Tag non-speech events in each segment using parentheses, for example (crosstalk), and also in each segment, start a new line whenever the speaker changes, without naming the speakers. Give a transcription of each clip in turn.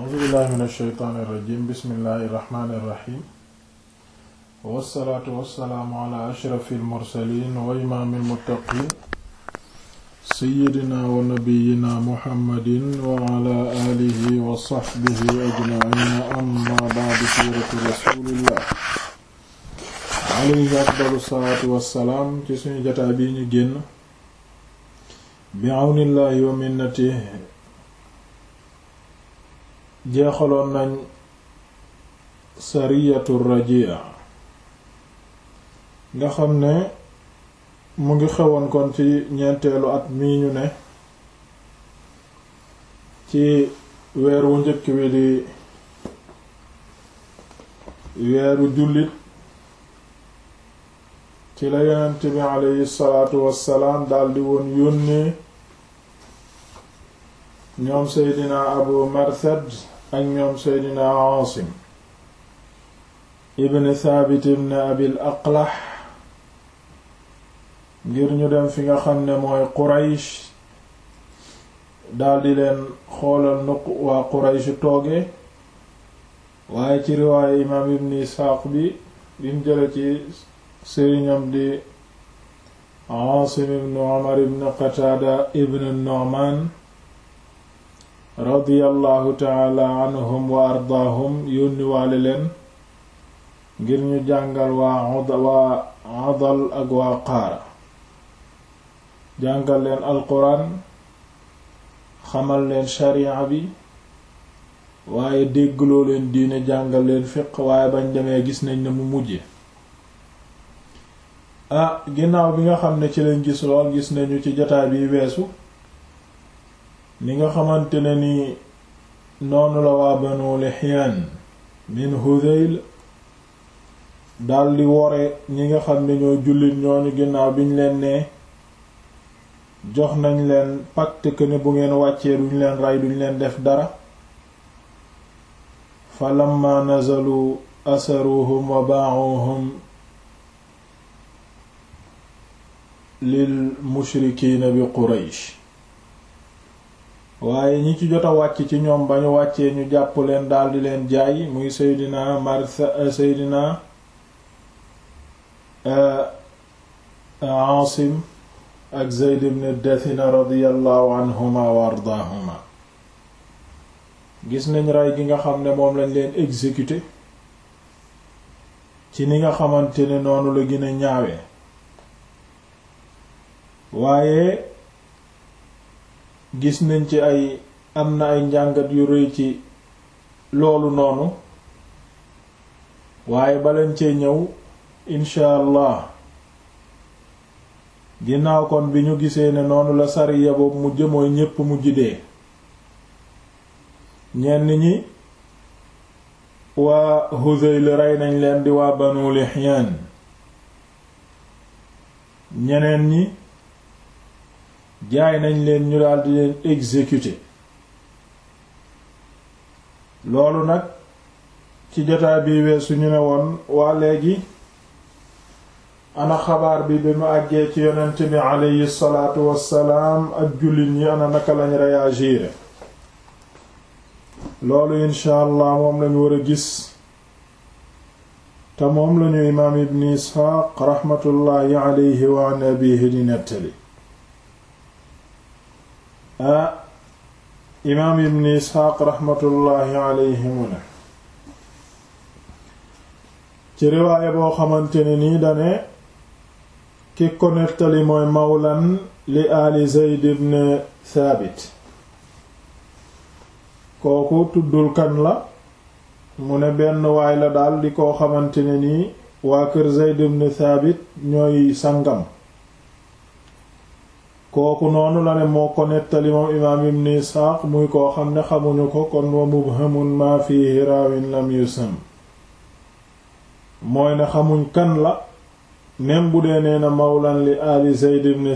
a'uuzu billahi min asheytaani irrajim bismillahi irrahmaani irrahim wassalaatu wassalaamu ala ashrafi almursalin wa imaami almuttaqin seyidina wa nabiyina muhammadin wa ala alihi wa sahbihi ajmaina amma ba'du siiratu rasulillah alayhi afdalu salaatu wassalaam ci suñu jataa bii ñu génn bi awnillahi wa minnatihi jeexaloon nañ sariyatu rajia nga xam ne mu ngi xewoon kon ci ñeenteelu at mii ñu ne ci weer wu njëkk wi di weeru jullit ci la yonent bi aleyhi salaatu wassalaam daldi woon yónnee ñoom seydina abu marsad ak ñoom seydina aasim ibn thabit ibn abil aqlah ngir ñu dem fi nga xam ne mooy quraysh daldi leen xoolal nu waa quraysh tooge waaye ci riwaaye imaam ibn isxaaq bi bim jële ci sëriñam di aasim ibn umar ibn qataada ibn nu'man radiyallahu taala wa ardaahum yónni leen ngir ñu jàngal waa waa adal ak waa qaara jàngal leen alquran xamal leen sharia bi waaye déggloo leen diine jàngal leen fiq waaye bañ demee gis nañ ne mu mujje ah ginnaaw bi nga xam ne ci leen gis gis nañu ci jataay biy weesu ni nga xamante ne ni noonu la waa Banu Lihyaan min Hudayl daldi wore ñi nga xam ne ñoo jullit ñooñu ginnaaw biñ leen nee jox nañ leen pacte que bu ngeen wàccee duñ leen ray duñ leen def dara fa lamma nazalu asaruhum wa baa'uhum lil mushrikiina bi Quraysh waaye ñi ci jot a wàcc ci ñoom ba ñu wàccee ñu jàpp leen daldi leen jaay muy seydina marsa euh, seydina euh, Aasim ak radiyallahu anhuma wa ardaahuma gis nañ rey gi nga xam ne moom lañ leen exécuté ci ni nga xamante ne noonu la gën a waaye gis nañ ci ay am na ay njàngat yu rëy ci loolu noonu waaye balañ cee ñëw incha ginnaaw kon bi ñu gisee ne noonu la sariya boobu mu jëmooy ñépp mu jidee ñenn ñi waa Huzayl rey nañ leen di waa Banu Lihyan ñeneen ñi jaay nañ leen ñu daal di leen exécuter loolu nag ci jotaay bi weesu ñu ne woon waa léegi ana xabaar bi bi mu àggee ci yonent bi aleyhi salaatu wassalaam ak jullit ñi ana naka lañ réagir loolu incha allah moom lañu war a gis te moom lañu imaam ibn isxaaq raxmatullaahi wa an abiihi nettali imaam ibn isxaaq ci riwaaya boo xamante ne nii dane ki ko nettali mooy mawlan li aali zeyd ibn kooku tuddul kan la mu ne benn waay la daal di koo xamante ne nii waa kër zeyd ibn thaabit ñooy sangam kooku noonu la ne moo ko nettali moom imaam ibn isxaaq muy koo xam ne xamuñu ko kon wa mubhamun maa fihi raawin lam mooy ne xamuñ kan la nem bu dee nee mawlan li ali zayd ibn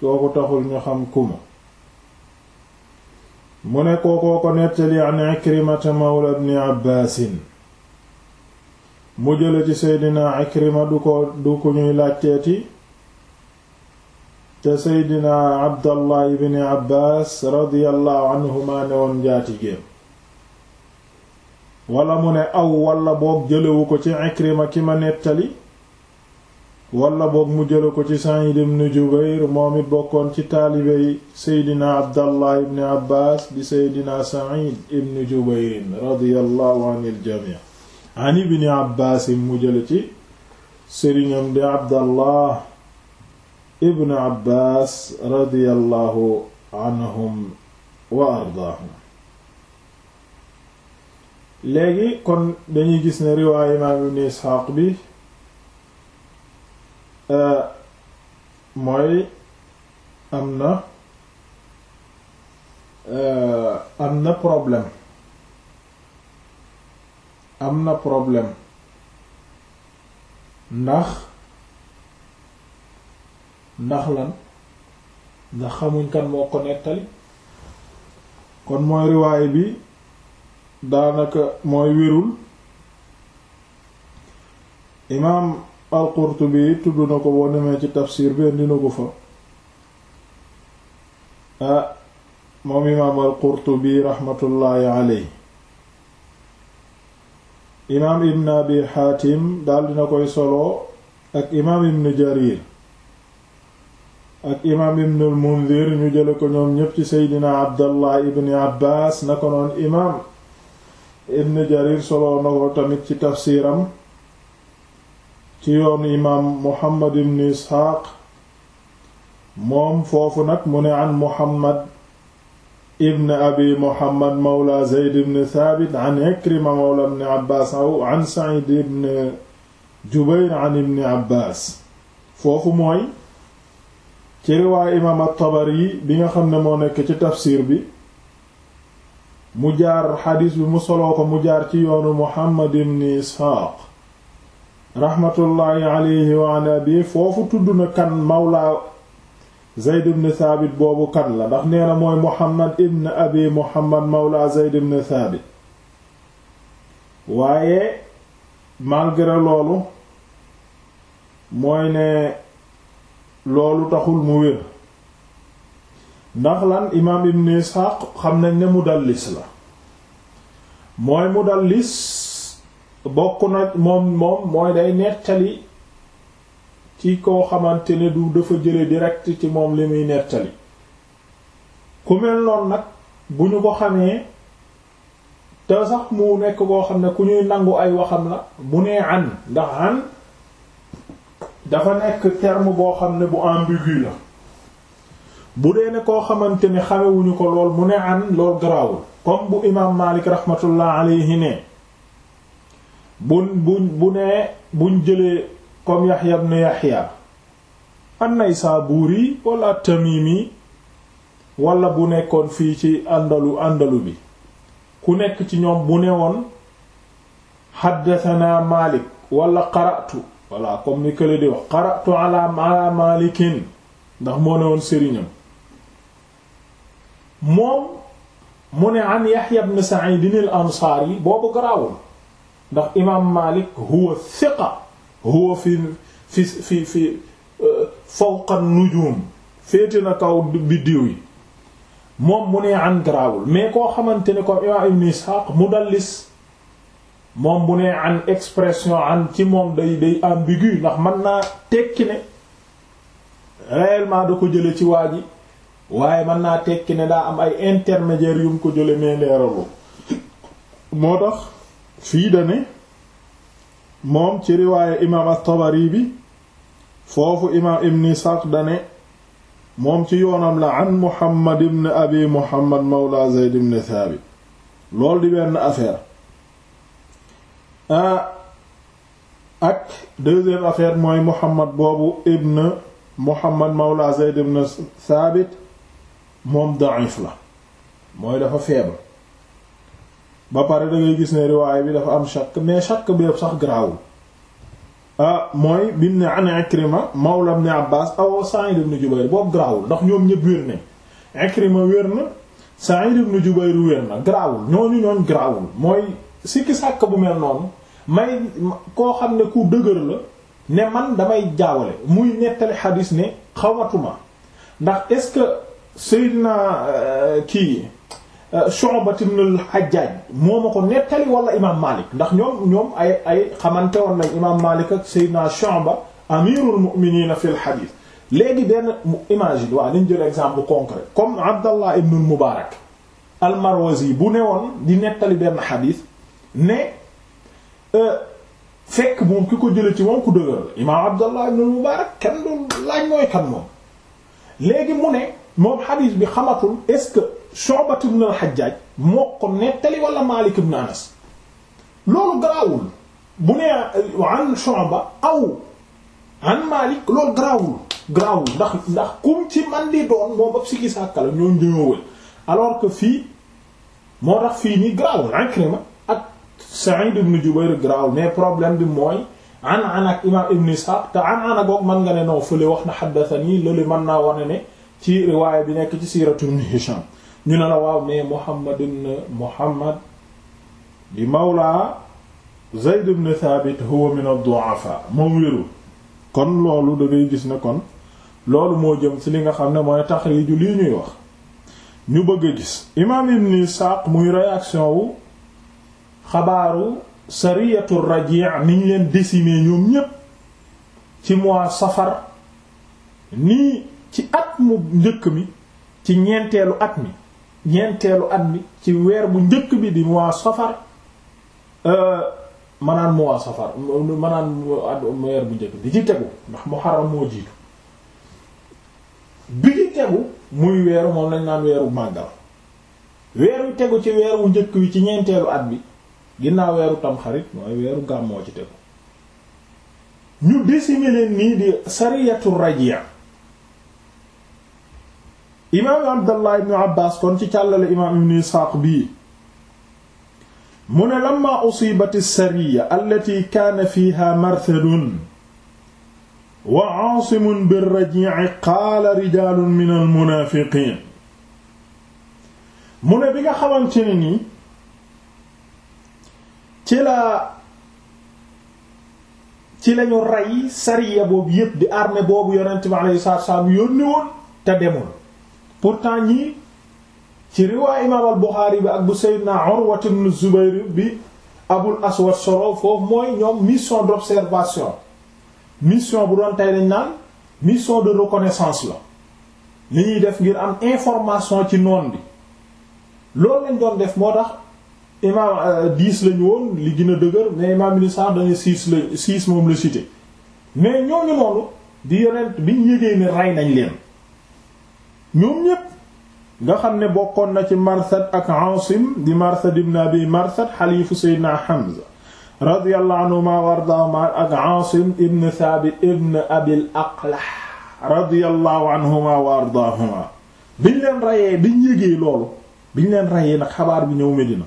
kooku taxul ñu xam kuma mu ne kookoo ko nettali an ikrimata mawla ibn abbaasin mu jële ci seydina ikrima du du ku ñuy laajteeti te seydina abdallah ibni abbas radiallahu anhuma ne woon njaatigéem wala mu ne aw wala boog jëlewu ko ci ikrima ki ma nettali wala boog mu jële ko ci sa'id ibn jubair moom it bokkoon ci taalibey seydina abdallah ibni abbas di seydina sa'id ibn jubair radiallahu an iljami an ibni abbas mu jële ci sëriñam di abdallah ibn Abbas radiyallahu ardaahum léegi kon dañuy gis ne riwaay imaam ibn Isxaaq bi euh, mooy am na euh, am na problème am na problème ndax ndax lan ndax xamuñ kan moo ko nettali kon mooy riwaay bi daanaka mooy wérul imaam al-Qurtubi tudd na ko boo demee ci tafsir bi indi na ko fa ah moom imaam al-Qurtubi imaam ibn abi xaatim daal dina koy solo ak imaam ibn jarir ak imaam ibn al mundir ñu jële ko ñoom ñépp ci seydina abdallah ibn abbaas na ko noon imaam ibn jarir soloo na tamit ci tafsiiram ci yoonu imaam muhammad ibn isxaaq moom foofu nag mu ne an muhammad ibn abi muhammad mawla zeyd ibn thaabit an ikrima mawla ibn abbaas aw an said ibn jubayr an ibn abbaas foofu mooy ci riwaay imaam tabari bi nga xam ne moo nekk ci tafsir bi mu jaar xadiis bi mu soloo ko mu jaar ci yoonu Muhammad ibn Isxaaq raxmatullaahi abi foofu tudd na kan mawla Zayd ibn Thaabit boobu kan la ndax nee na mooy Muhammad ibn abi Muhammad mawla Zayd ibn Thaabit waaye malgré loolu mooy ne loolu taxul mu wér ndax lan imaam ibn Isxaaq xam nañ ne mudallis la mooy mudallis bokk na moom moom mooy day nettali ci koo xamante du dafa jële direct ci moom li muy nettali ku mel noonu nag bu ñu ko xamee te sax mu nekk koo xam ne ku ñuy nangu ay waxam la mu nee an ndax an dafa nekk terme boo xam ne bu ambigu la bu dee ne koo xamante ni xamewuñu ko lool mu ne an lool garaawul comme bu imaam Maalik rahmatullah alayhi ne buñ buñ bu nee buñ jëlee comme Yaxya ibn Yaxya an-Naysaburi wala Tamimi wala bu nekkoon fii ci àndalu àndalu bi ku nekk ci ñoom bu ne woon xaddathana Maalik wala qara'tu voilà comme ni kële di wax qara'tu ala ndax moo ne woon sëriñam moom mu ne an Yahya ibn Sa'id al-Ansari boobu garaawul ndax imaam Malik huwa thiqa huwa fi fi fi fi uh, fawqa nujum féete na kaw biddiw yi moom mu ne an garaawul mais koo xamante ne ko imaam Ibn Ishaq mudallis moom bu nee an expression an ci moom day day ambigu ndax mën naa tekki ne réellement da ko jële ci waa ji waaye mën naa tekki ne daa am ay intermédiaires yum ko jële mais leeralu moo tax fii dane moom ci riwaaye imaam at-Tabari bi foofu imaam ibn Isxaaq dane moom ci yoonam la an Muhammad ibn Abi Muhammad mawla Zayd ibn Thabit loolu di benn affaire Ah, ak deuxième affaire mooy Muhammad boobu ibn Muhammad mawla Zayd ibn Thabit moom da'if la mooy dafa faible ba pare da gis ne riwaay bi dafa am shakk mais shakk bi sax garaawul ah, mooy bim ne an Ikrima mawla ibn Abbas aw Sa'id ibn Jubayr boobu garaawul ndax ñoom ñëpp wér nañ Ikrima wér na Sa'id ibn Jubayr wér na garaawul ñooñu ñooñ garaawul mooy sikki sàkk bu mel noonu may koo xam ne ku dëgër la ne man damay jaawale muy nettali xadis ne xawmatuma ndax est-ce que Seydina euh, kii euh, Shu'bat ibn al-Hajjaj moo ma ko nettali wala imaam Malik ndax ñoom ay ay xamante woon nañ imaam Malik ak Seydina Shu'ba amirul mu'minin fi al-hadith léegi benn imagine waaw nañ jël exemple concret comme Abdallah ibn al-Mubarak al bu ne woon di nettali benn xadis ne fekk moom ko jële ci moom ku dëgër la imaam Abdallah ibn Mubarak kenn du laaj mooy kan mu ne moom xadiis bi xamatul est-ce que Shu'bat ibn al-Hajjaj moo ko nettali wala Maalik ibn Anas loolu garaawul bu nee an Shu'ba aw an Maalik loolu garaawul garaawul ndax ndax kum ci man di doon moom ab sikki sàkka la que fii moo fii nii garaawul Ikrima Sa'id ibn Jubayr graw mais problème bi mooy an an ak imam ibn Ishaq te an an agoog mën nga ne non fële wax na haddathani loolu mën naa wane ne ci riwaaya bi nekk ci siiratu ibn Hisham ñu ne la waaw mais Muhammad ibn Muhammad di mawla Zayd ibn Thabit huwa min ad-du'afa moom wérul kon loolu da gis ne kon loolu moo jëm ci li nga xam ne mooy taxriiju lii ñuy wax ñu bëgg a gis imam ibn Ishaq muy réaction wu xabaaru sariyatu raji' niñ leen décimer ñoom ñépp ci mois safar nii ci at mu njëkk mi ci ñeenteelu at mi ñeenteelu at mi ci weer bu njëkk bi di mois safar euh, manaan mois safar manaan at weer bu njëkk ndax muharram moo jiitu bi ci tegu muy weeru moom lañ naan weeru màggal weeru tegu ci weer wu njëkk wi ci ñeenteelu at bi ginnaaw weeru tamxarit mooy weeru ci tegu ñu décimé leen nii di sariyatu rajia imaam abdallah ibnu abbas kon ci càllale imaam ibnu isxaaq bii mu ne lamma usibati sariya allati kaana fiha marthadun wa aasimun birraji'i qaala rijaalun min almunaafiqiin mu ne bi ga xamante ne ci la ci lañu rey sariya boobu yépp di armée boobu yonent bi alayhi salaatu salaam yónni woon te demoon pourtant ñii ci riwaa imaam al Buxaari bi ak bu Seydina Urwa ibn Zubayr bi Abul Aswad solo foofu mooy ñoom mission d'observation mission bu doon tey dañ naan mission de reconnaissance la li ñuy def ngir am information ci noon bi loolu lañ doon def moo tax imaam euh, dix lañu woon li gën a dëgër mais imaam ibn Sa'd dañu six la six moom la cité mais ñooñu noonu di yonent biñ yégee ne rey nañ leen ñoom ñépp nga xam ne bokkoon na ci Marsad ak Asim di Marsad ibn Abi Marsad xalifu Seydina Hamza radiyallahu anhuma wa ardaahuma ak Asim ibn Thabit ibn Abil Aqlah radiyallahu anhuma wa ardaahuma biñ leen reyee biñ yégee loolu biñ leen reyee nag xabaar bi ñëw Medina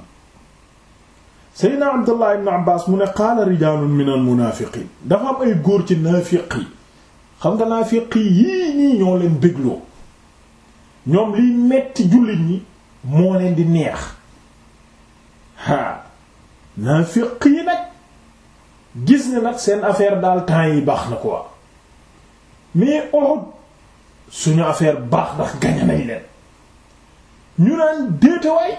seydna abdullah ibn abbas mu ne qaala rijaalun min al munaafiqiin dafa am ay góor ci naafiq yi xam nga naafiq yi yii ñii ñoo leen bégloo ñoom liy metti jullit ñi moo leen di neex haa naafiq yi nag gis ne nag seen affaire daal temps yi baax na quoi mais Uhud suñu affaire baax ndax gañe nañ leen ñu naan déetawaay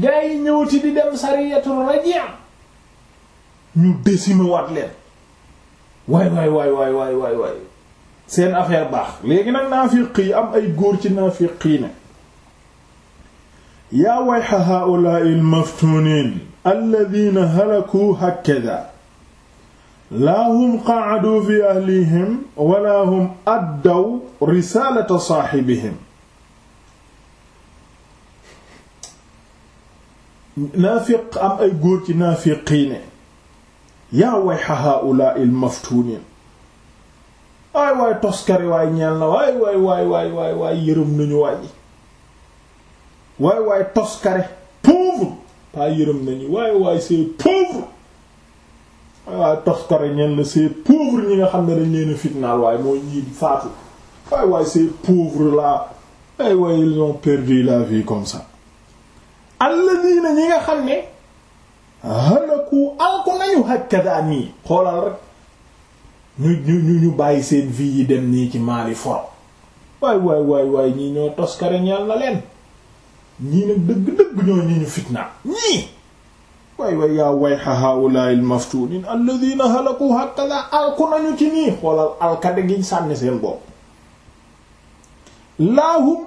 gaa yi ñëwati di dem sariyatul rajia ñu décimer wat leen waay waay waay waay waay waay waay seen affaire baax léegi nag naafiq yi am ay góor ci naafiq yi ne yaa wayxa haa'ulaa'i al-maftuuniin alladhiina halakuu hakadhaa laa hum qa'aduu fi ahlihim wa laa hum addaw risaalata saahibihim naafiq am ay góor ci naafiqiine yaa wayxa haula il maftunin waay waay toskari waay ñeel na toskare pauvre pas yërëm nañu waay waay toskare ñeel na c'est pauvre ñi nga xam ne dañ leen a fitnaal waaye mooy ñii faatu waay waay c'est pauvre là waay waay ils ont perdu la vie comme ça alladina ñi nga xam ne halaku alku nañu hakkadaa nii xoolal rek ñu ñu ñu bàyyi seen vie yi dem nii ci maali foro waay waay waay waay ñii ñoo toskare ñal na leen ñii nag dëgg-dëgg ñoo ñi ñu fitna ñii waay waay yaa way hahaulai l maftunin alladina halaku hakkaza alku nañu ci nii xoolal alkade gi sànni seen bopp lahum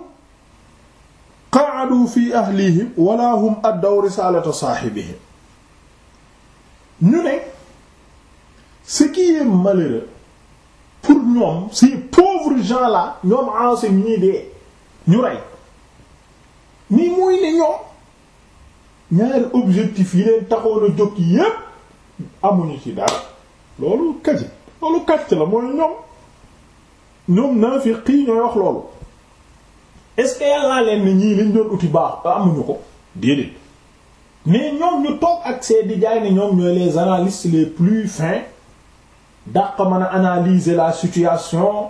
qaadu fi ahlihim wala hum addaw risalata sahibihim ñu ne ce qui est malheureux ñoom ces pauvres gens ñoom anse ñii dee ñu rey ni muy ne ñoom ñaari objectif yi leen taxoon a jóg yépp dara loolu kasi loolu kàcc la mooy ñoom ñoom naafiqi ñooy wax loolu est-ce que leen ni ñii liñ doon uti baax amuñu ko déedéet mais ñoom ñu toog ak seen di jaay ne ñoom ñooy les analystes les plus fins dàq mën a analyser la situation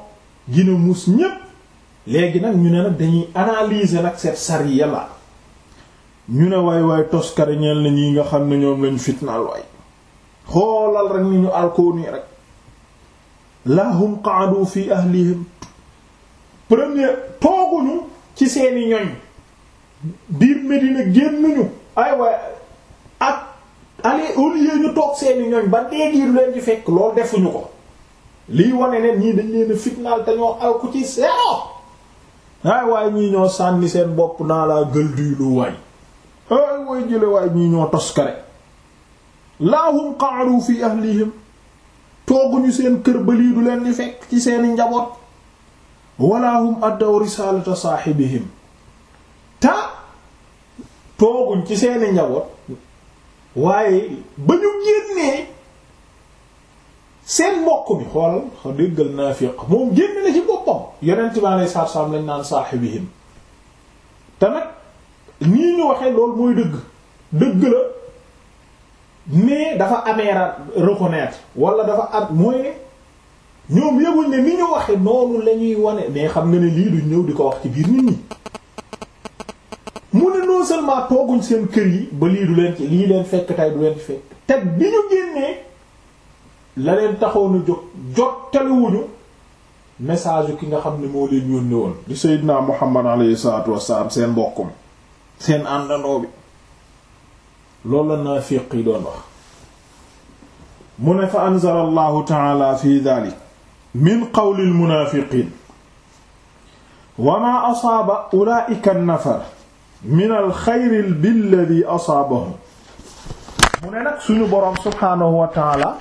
gina mus ñépp léegi nag ñu ne nag dañuy analyser nag cette sariya la ñu ne waay waay toskari ñeel na ñi nga xam ne ñoom lañ fitnaal waay xoolal rek ni ñu alkoon yi rek lahum qaadu fi ahlihim premier tooguñu ci seeni ñoñ biir Medina génnuñu ay waaye ak allez au lieu ñu toog seeni ñoñ ba déegiir leen di fekk loolu defuñu ko liy wane ne ñii dañ leen a fitnaal te ñoo aw ku ci seero ay waaye ñii ñoo sànni seen bopp naa laa gël diilu waay ay way jële waaye ñii ñoo toskare laa hum qa'ru fi ahlihim tooguñu seen kër ba liiru leen di fekk ci seeni njaboot wala hum addaw risalata saaxibihim ta tooguñ ci seeni njaboot waaye ba ñu génnee seen mbokk mi xoolal xa déggal naafiq moom génn la ci boppam yonent bi alayhi salaatu salaam lañ naan saaxibihim te nag nii ñu waxee lool mooy dëgg dëgg la mais dafa amee reconnaître wala dafa am mooy ñoom yëguñ ne ni ñu waxe noonu la ñuy wane mais xam nga ne lii du ñëw di ko wax ci biir nit ñi mu ne non seulement tooguñ seen kër yi ba lii du leen ci lii leen fekk tey du leen fekk te bi ñu génnee la leen taxoon a jóg jottaliwuñu message ki nga xam ne moo leen yónni woon di Seydina Muhammad alayhi salaatu wassalaam seen mbokkum seen àndandoo bi loolu la naa féq yi doon wax mu ne fa anzala allahu taala fi dalik min qawlil munaafiqiin wa maa asaaba ulaa'ika nafar minal xayril billadii asaabahum mu ne nag suñu boroom subhaanahu wa taala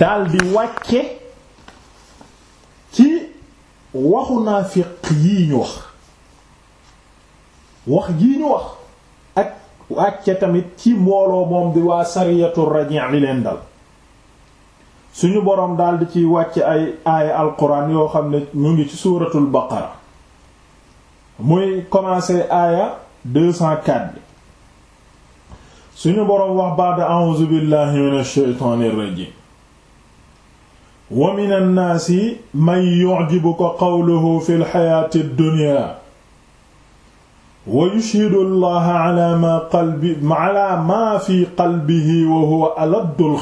daldi wàcce ci waxu naafiq yii ñu wax wax yii ñu wax ak wàcce tamit ci mbooloo moom di waa sariyatu rajii li leen dal suñu boroom daldi ciy wàcc ay aaya alquran yoo xam ne ñu ngi ci suuratul baqara muy commencé aaya 204 suñu boroom wax baada a'uuzu billahi minash shaytaanir rajiim wa minan naasi man yu'jibuka qawluhu fil hayaatid dunyaa wa yushhidu allaha ala ma qalbi ala ma fi qalbihi wa huwa aladdul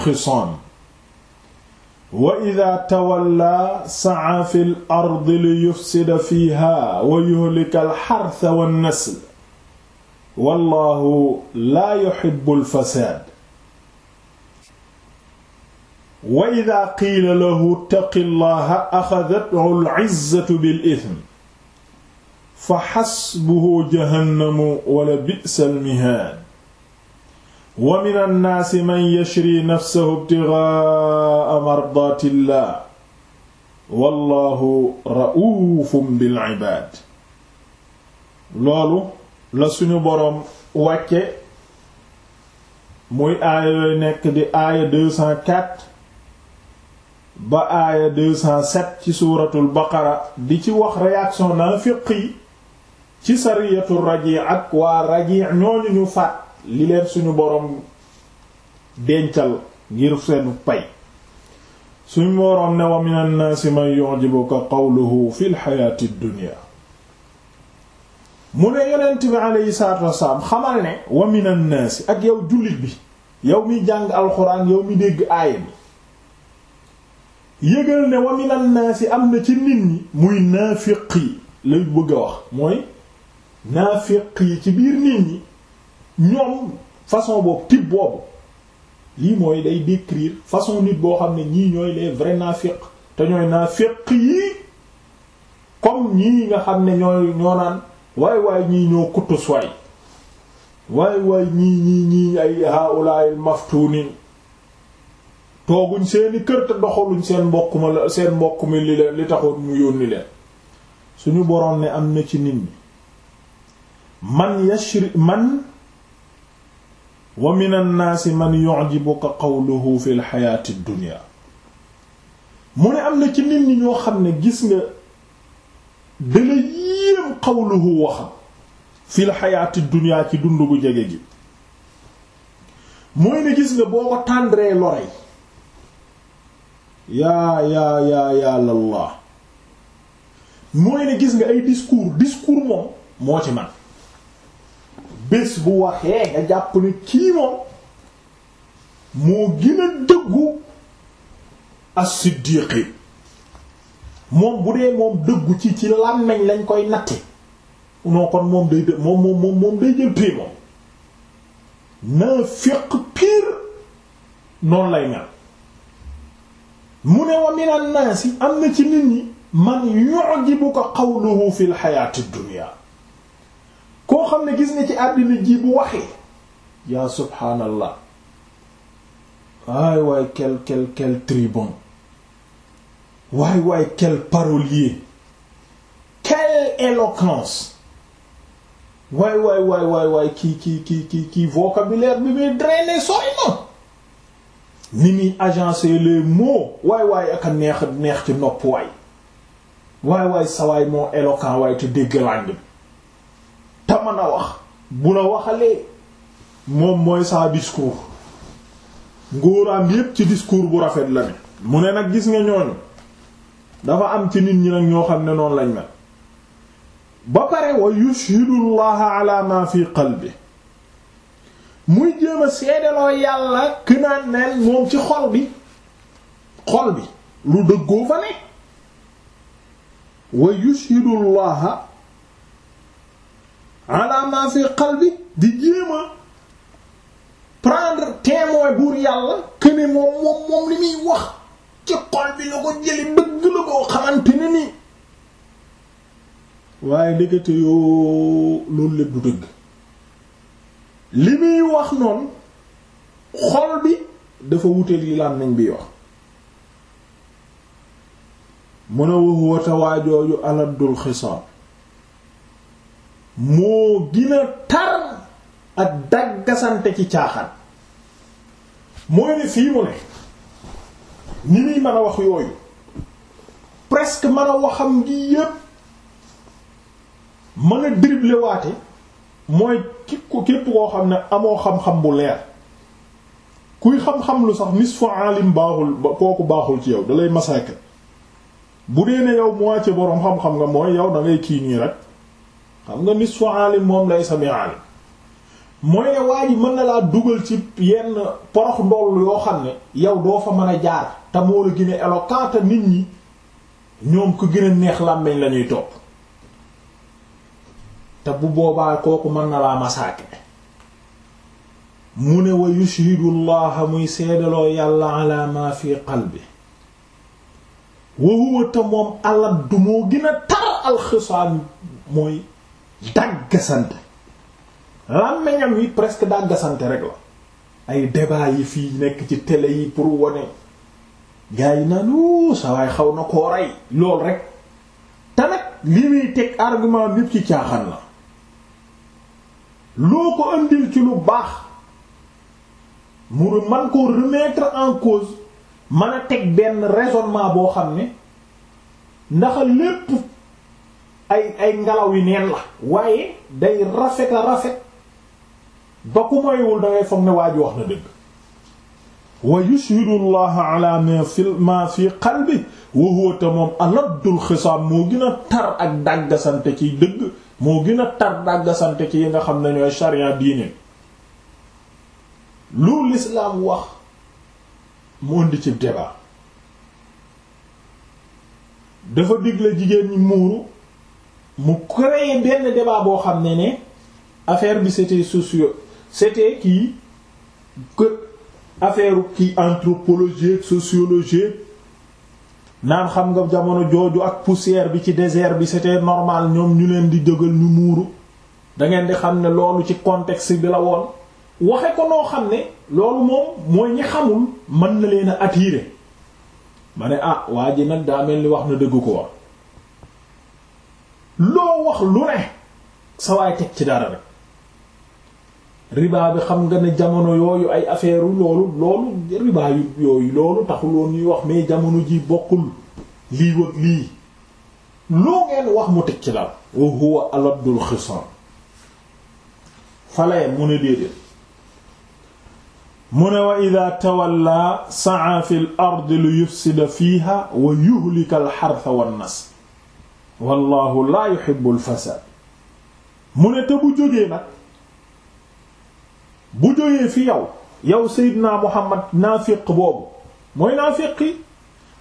wa idaa tawallaa sa'a fil ardi li yufsida fiihaa wa yuhlikal harsa wan nasl wallaahu laa yuhibbul fasaad. wa idaa qiila lahu ittaqillaaha axadathu al-izzatu bil ismi fa hasbuhu jahannamu wa la bi'sal mihaad. wa min annaasi man yashri nafsahu ibtigaa'a mardaatillah wallahu ra'uufun bil ibaad loolu la suñu boroom wàcce muy aaya nekk di aaya 204 ba aaya 207 ci suuratul baqara di ci wax réaction naafiq yi ci sariyatu raji ak waa raji ñooñu ñu faat li leen suñu boroom dencal ngir seen pay suñu boroom ne wa minan naasi man yu'jibuka qawluhu fil hayaati dunya mu ne yonent bi alayhi salaatu wasalaam xamal ne wa minan naasi ak yow jullit bi yow mi jàng alxuraan yow mi dégg aaya yëgal ne wa minan naasi am na ci nit ñi muy naafiq yi lay bëgg a wax mooy naafiq yi ci biir nit ñi ñoom façon boobu type boobu lii mooy day décrire façon nit boo xam ne ñii ñooy les vrais naafiq te ñooy naafiq yi comme ñii nga xam ne ñooy ñoo naan waay waay ñii ñoo kuttus waay waaye waay ñii ñii ñii ay haulail maftunin tooguñ seeni kër te doxaluñ seen mbokk ma la seen mbokk mi li leen li taxoon mu yónni leen suñu boroom ne am na ci nit ñi man yashri man wa min annaasi man ko qawluhu fi lxayaati dunya mu ne am na ci nit ñi ñoo xam ne gis nga dala yéem qawluhu waxam fi lxayaati dunya ci dund gu jege gi mooy ne gis nga boo ko tàndree lorey yaa yaa yaa yaa lallah mooy ne gis nga ay discours discours moom moo ci man bés bu waxee nga jàpp ne kii moom moo gën dëggu as-siddiqi moom bu dee moom dëggu ci ci làmmeñ lañ koy natte non kon moom day dë moom noonu lay mel mu ne wa minan naasi am na ci nit ñi man yu'jibuka qawluhu fil hayaatid dunya boo xam ne gis nga ci àddina ji bu waxee yaa subhaanallah waay waay quel quel quel tribun waay waay quel parolier quelle éloquence waay waay waay waay waay kii kii kii kii kii bi muy sooy na ni muy agencer les mots waay waay ak a neex ci nopp waay waay waay sa waay moo éloquent waay te dégg langue bi te mën wax bu la waxalee moom mooy saa discours ngóoraam yépp ci discours bu rafet la ne mu ne nag gis nga ñooñu dafa am ci nit ñi nag ñoo xam ne noonu lañ mel ba pare wa yushhidu llaha ala ma fi qalbi muy jéem a seedeloo yàlla kënaan neen moom ci xol bi xol bi lu dëggoo fa ne wa yushhidu ala ma xal bi di jéem a prendre témoin buur yàlla que moom moom moom li muy wax ci xol bi la ko jëli bëgg la koo xamante ne waaye ndekete yoo loolu lépp du dëgg li muy wax noonu xol bi dafa wuteel yi lan nañ bi wax mun a waxu wata waajooju aladdul xisaab moo gën a tar ak daggasante ci caaxaan mooy ne fii mu ne ni muy mën a wax yooyu presque mën a xam gi yépp mën a dribbler waate mooy képp ko képp koo xam ne amoo xam-xam bu leer kuy xam-xam lu sax nisfu alim baaxul kooku baaxul ci yow dalay massacre bu dee ne yow moitié boroom xam-xam nga mooy yow da ngay kii nii rek xam nga nisfu alim moom lay sami alim mooy ne waa ji mën na laa dugal ci yenn porox ndoll yoo xam ne yow doo fa mën a jaar te moo la gën a éloquent te nit ñi ñoom ko gën a neex làmmiñ la ñuy topp te bu boobaa kooku mën na laa masaake mu ne wa yushhidu muy seedaloo yàlla ala ma fi qalbi wa huwa te du moo gën a tar alxisaam mooy dàggasante làmmiñam wi presque dàggasante rek la ay débat yi fii nekk ci télé yi pour wone gars yi naanu sa xaw na koo rey loolu rek te nag li muy teg argument bi ci caaxaan la loo ko andil ci lu baax mu man ko remettre en cause mën a teg benn raisonnement boo xam ne ndax lépp ay ay ngelaw yi neen la waaye day rafet rafet ba ku moywul da ngay foog ne wax na dëgg wa yushhidu allaha ala ma fi ma fi qalbi wa huwa ta moom aladdul xisaam moo gën a tar dàggasante ci dëgg gën a tar dàggasante ci yi nga xam ne ñooy sharia diine lu lislaam wax mu indi ci débat dafa digle jigéen ñi muuru mu créer benn débat boo xam ne ne affaire bi c'était socio c'était kii kër affaire kii anthropologie ak sociologie naan xam nga jamono jooju ak poussière bi ci désert bi c'était normal ñoom ñu leen di dëgal ñu muuru da ngeen di xam ne loolu ci contexte bi la woon waxe ko noo xam ne loolu moom mooy ñi xamul mën na leen a attirer ma ne ah waa ji nag daa mel ni wax na dëgg ko wax loo wax lu ne sa waay teg ci dara rek riba bi xam nga ne jamono yooyu ay affaire loolu loolu riba yu yooyu loolu taxuloon ñuy wax mais jamono ji bokkul lii wëg lii loo ngeen wax mu teg ci dara wa huwa aladul xisaan falaye mu ne déedéet mu ne wa ida tawalla sa'a fil ardi li yufsida wa yuhlika al harth nas wallahu la yuhibbul fasad mu ne te bu jógee nag bu jógee fi yow yow Seydina Muhammad naafiq boobu mooy naafiq yi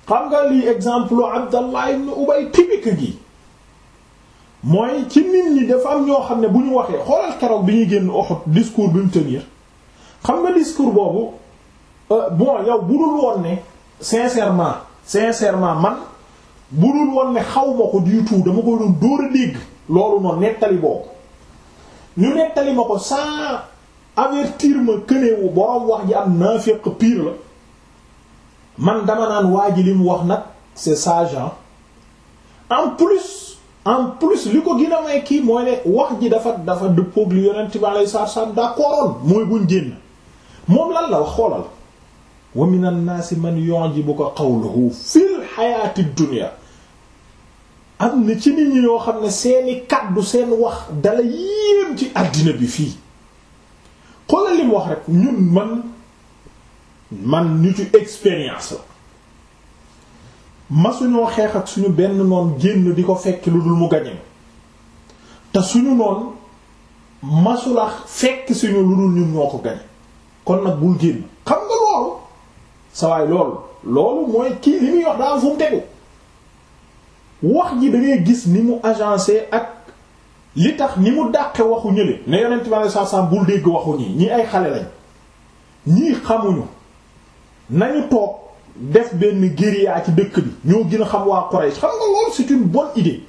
xam nga lii exemple Abdallah ibn Ubay typique gi mooy ci nit ñi dafa am ñoo xam ne bu ñu waxee xoolal keroog bi ñuy génn Uhud discours bi mu tenir xam nga discours boobu euh, bon yow bu dul woon ne sincèrement sincèrement man bu dul woon ne xaw ma ko du dama ko doon dóor dégg loolu noonu nettali boobu ñu nettali ma ko sans avertir ma kënewu boroom wax ji am naaféq piir la man dama naan waa ji li mu wax nag c'est sage en plus en plus li ko gën kii mooy ne wax ji dafa dafa dëppoog li yonent bi alayhi salaatu salaam d'accordoon mooy buñ génn moom lan la xoolal wa minan si man yu'jibuka qawluhu fil hayaatid dunya am na ci nit ñi yoo xam ne seeni kàddu seen wax dala yéem ci àddina bi fii xoolal li wax rek ñun man man nitu expérience la ma suñoo xeex ak suñu benn noon génn di ko fekki lu dul mu gañe te suñu noon masula fekk suñu lu dul ñun ñoo ko gañe kon nag bul génn xam nga loolu sawaay loolu loolu mooy kii li muy wax daa am fu mu tegu wax ji da gis ni mu agence ak li tax ni mu dàqe waxu ñële ne yonent bi alayhi salaam bul dégg waxu ñii ñii ay xale lañ ñii xamuñu nañu toog def benn guérilla ci dëkk bi ñoo gën a xam waa Quraysh xam nga loolu c'est une bonne idée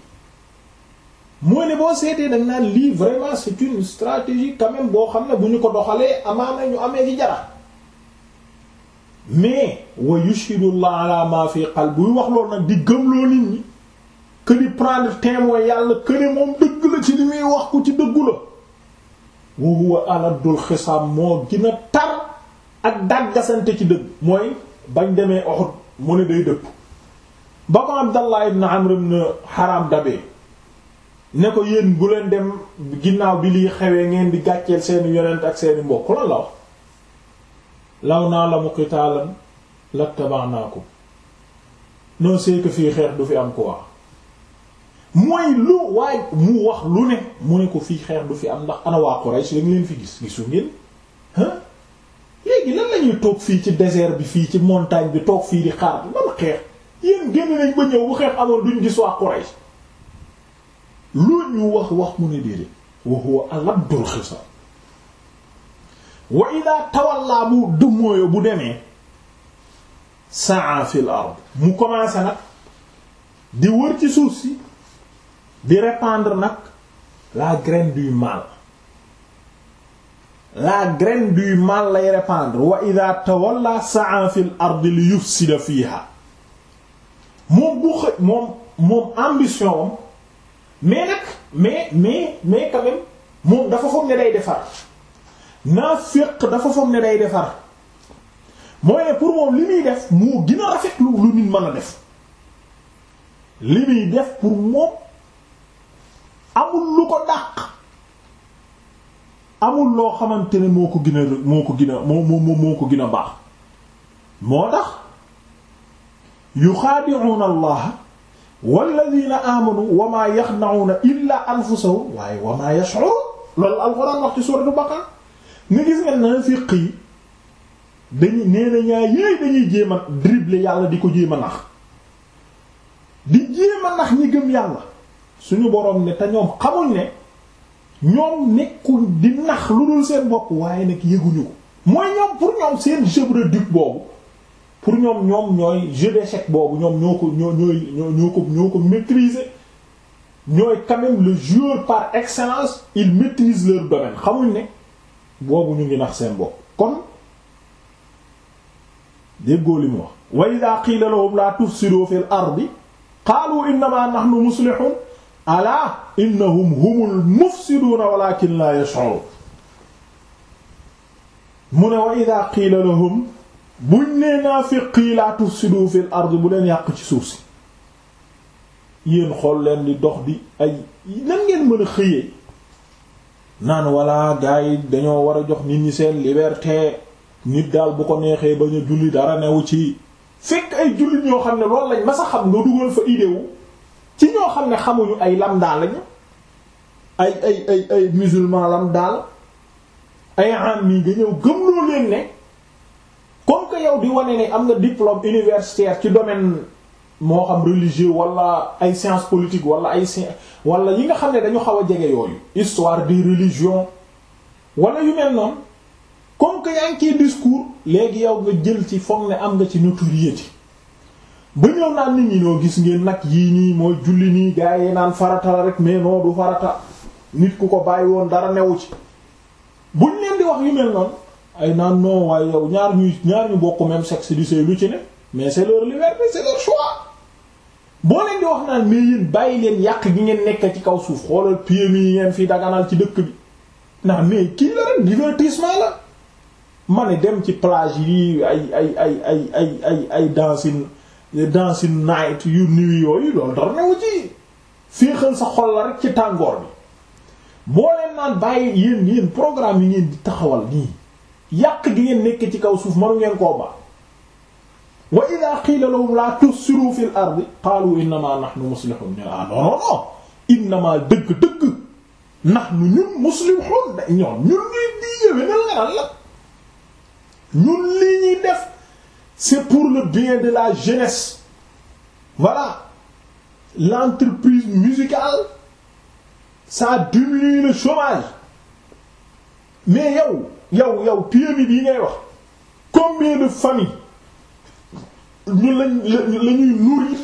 mooy ne boo seetee dañ naan lii vraiment c'est une stratégie quand boo xam ne bu ñu ko doxalee amaana ñu amee ci jara mais wa yushhidu Allah ala ma fi qalbi buy wax loolu nag di gëmloo nit ñi que di prendre yàlla que moom dëgg la ci li muy wax ko ci dëggu la wa huwa aladul xisaam moo gën tar ak dàggasante ci dëgg mooy bañ demee Uhud mu ne day dëpp ba ko Abdallah ibn Amr ibn Haram dabee ne ko yéen bu leen dem ginnaaw bi liy xewee ngeen di gàcceel seeni yonent ak seeni mbokk la la wax law naa la mu qitaalan la tabaanaakum non c'est que fii xeex du fi am ko wax mooy lu waaye mu wax lu ne mu ne ko fii xeex du fi am ndax ana waa Quraysh lañ leen fi gis gisu ngeen ah léegi lan lañuy toog fii ci désert bi fii ci montagne bi toog fii di xaar man xeex yéen génn nañ ba ñëw bu xeex amoon duñ gis waa Quraysh lu ñu wax wax mu ne déedéet wa huwa alabdul xisal wa ida tawallaa bu dummóoyo bu demee saa fil ard mu commencé nag di wër ci suuf si di répandre nag la graine du mal la lay répandre wa ida tawalla sa'a fil ardi li yufsida fiha moom bu xëj moom moom ambition am mais nag mais mais mais quand même moom dafa foog ne day defar naafiq dafa foog ne day defar mooy ne pour moom li muy def moo gën rafet lu lu nit mën a def li muy def pour moom amul lu ko dàq amul loo xamante ni moo ko gën a moo ko gën moo ko gën a baax moo tax yuxaadi'uuna allaha walladina amanu wa maa yaxna'uuna illaa anfusahum waaye wa maa yash'uruun loolu alxuraan wax ci suuratul baqara ni gis nga naafiq yi dañu nee na yéey dañuy jéem a yàlla di ko jéem a nax di jéem nax ñi gëm yàlla suñu boroom ne te ñoom xamuñ ne ñoom nekkul di nax lu dul seen bokk waaye nag yëguñu ko mooy ñoom pour ñoom seen jeu de boobu pour ñoom ñoom ñooy jeu d'échec boobu ñoom ñoo ko ñoo ñooy ñoo ko ñoo ko maîtriser ñooy quand même le joueur par excellence ils maîtrisent leur domaine xamuñ ne boobu ñu ngi nax seen bopp kon déggoo li mu wax wa idha qila lahum la tufsidu fil ardi qalu innama nahnu muslihun alaa innahum humul mufsiduuna walaakin laa yash'uruun mu ne wa idaa qiila lahum buñ nee naafiqi laa tufsidu fil bu leen yàq ci suuf si yéen xool leen di dox bi ay nan ngeen mën a xëyee naan walla gaa yi dañoo war a jox nit ñi seen liberté nit daal bu ko neexee bañ a julli dara newu ci fekk ay jullit ñoo xam ne loolu lañ masa xam nga dugal fa idée ci ñoo xam ne xamuñu ay lamda lañu ay ay ay ay musulman lamda daal ay am nii nga ñëw gëmloo leen ne comme que yow di wane ni am nga diplôme universitaire ci domaine moo xam religieux wala ay sciences politiques wala ay sciences wala yi nga xam ne dañu xaw a jege yooyu histoire des religions wala yu mel noonu comme que yaa discours léegi yow nga jël ci foog ne am nga ci notoriété ba ñëw naan nit ñi noo gis ngeen nag yii nii moo julli nii gaa yi naan farata la rek mais non du farata nit ku ko bàyyi woon dara newu ci bu leen di wax yu mel noonu ay naan non waaye yow ñaar ñu bokk même sexe du sëy lu ci ne mais c'est leur liberté c'est leur choix boo leen di wax naan mais yéen bàyyi leen yàq gi ngeen nekk ci kaw suuf xoolal PMI yi ngeen fii daganal ci dëkk bi ndax mais kii la rek divertissement la ma ne dem ci plage yi ay ay ay ay ay dans une night yu nuyu yooyu loolu dara newu ci féexal sa xol la rek ci tàngoor bi moo leen naan bàyyi yéen yéen programme yi ngeen taxawal nii yàq gi ngeen nekk ci kaw suuf manu ngeen koo baax wa ida qiila lahum la tufsiru fil ardi qaalu innama nahnu muslihun ñu ah non non non dëgg-dëgg nahnu ñun muslihun da ñoon ñun ñuy di yéwénal la ñun li ñuy def c'est pour le bien de la jeunesse voilà l'entreprise musicale ça diminue le chômage mais yow yow yow pyramide yi ngay wax combien de familles ñu lañ la ñuy nourrir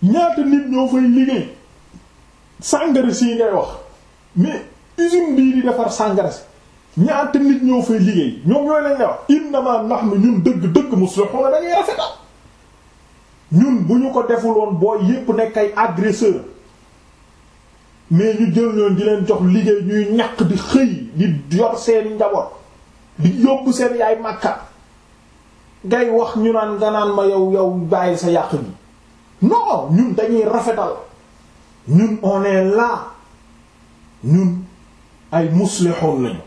ñaata nit ñoo fay liggéey sàngara si ngay wax mais usine bii di defar sàngara si ñaata nit ñoo fay liggéey ñoom ñooy lañ la wax innama nahnu ñun dëgg dëgg muslihuna dañuy rafetal ñun bu ñu ko defuloon booy yépp nekk ay agresseur mais ñu jël ñoon di leen jox liggéey ñuy ñaq di xëy di yor seen njaboot di yóbbu seen yaay màkka ngay wax ñu naan nga naan ma yow yow bàyyi sa yàq gi non ñun dañuy rafetal ñun on est ñun ay muslihun lañu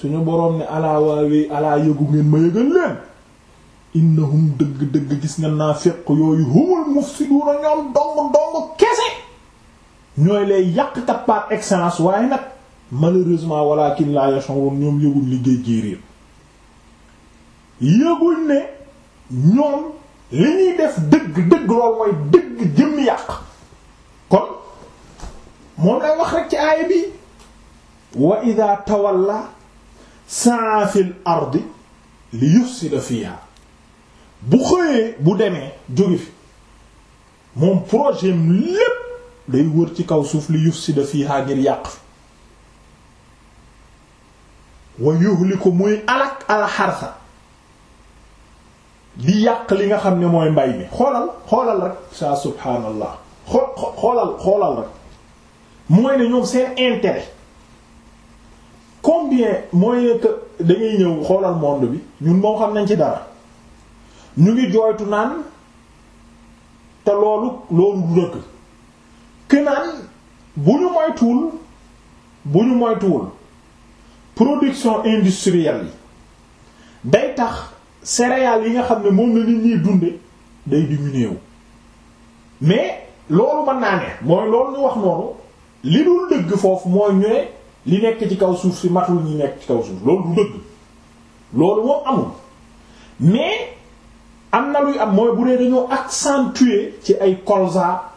suñu boroom ne alaa waawee alaa yëgu ngeen ma yëgal leen innahum dëgg-dëgg gis nga naafiq yooyu humul mufsiduuna ñoom dong dong kese ñooy lay yàqkat par excellence waaye nag malheureusement walakin la yashurun ñoom yëguñ liggéey jéeréer yëguñ ne ñoom li ñuy def dëgg dëgg lool mooy dëgg jëm yàq kon moom lay wax rek ci aaya bi wa idha tawalla saa fil ardi li yufsida fiha bu xëyee bu demee jóge moom projet am lépp day wër ci kaw suuf li yufsida fiha ngir yàq fi wa ko muy alak alxarsa di yàq li nga xam ne mooy mbay mi xoolal xoolal rek saa subhaanallah xoolal xoolal rek mooy ne ñoom seen intérêt combien mooy que dangay ñëw xoolal monde bi ñun moo xam nañ ci dara ñu ngi jooytu naan te loolu loolu du dëkk que bu ñu moytuwul bu ñu moytuwul production industrielle yi tax céréales yi nga xam ne moom la nit ñiy dunde day diminuer wu mais loolu mën naa ne mooy loolu ñu wax noonu li dul dëgg foofu mooy ñu li nekk ci kaw suuf si matul ñi nekk ci kaw suuf loolu du dëgg loolu moom amul mais am na luy am mooy bu dee dañoo accentuer ci ay colza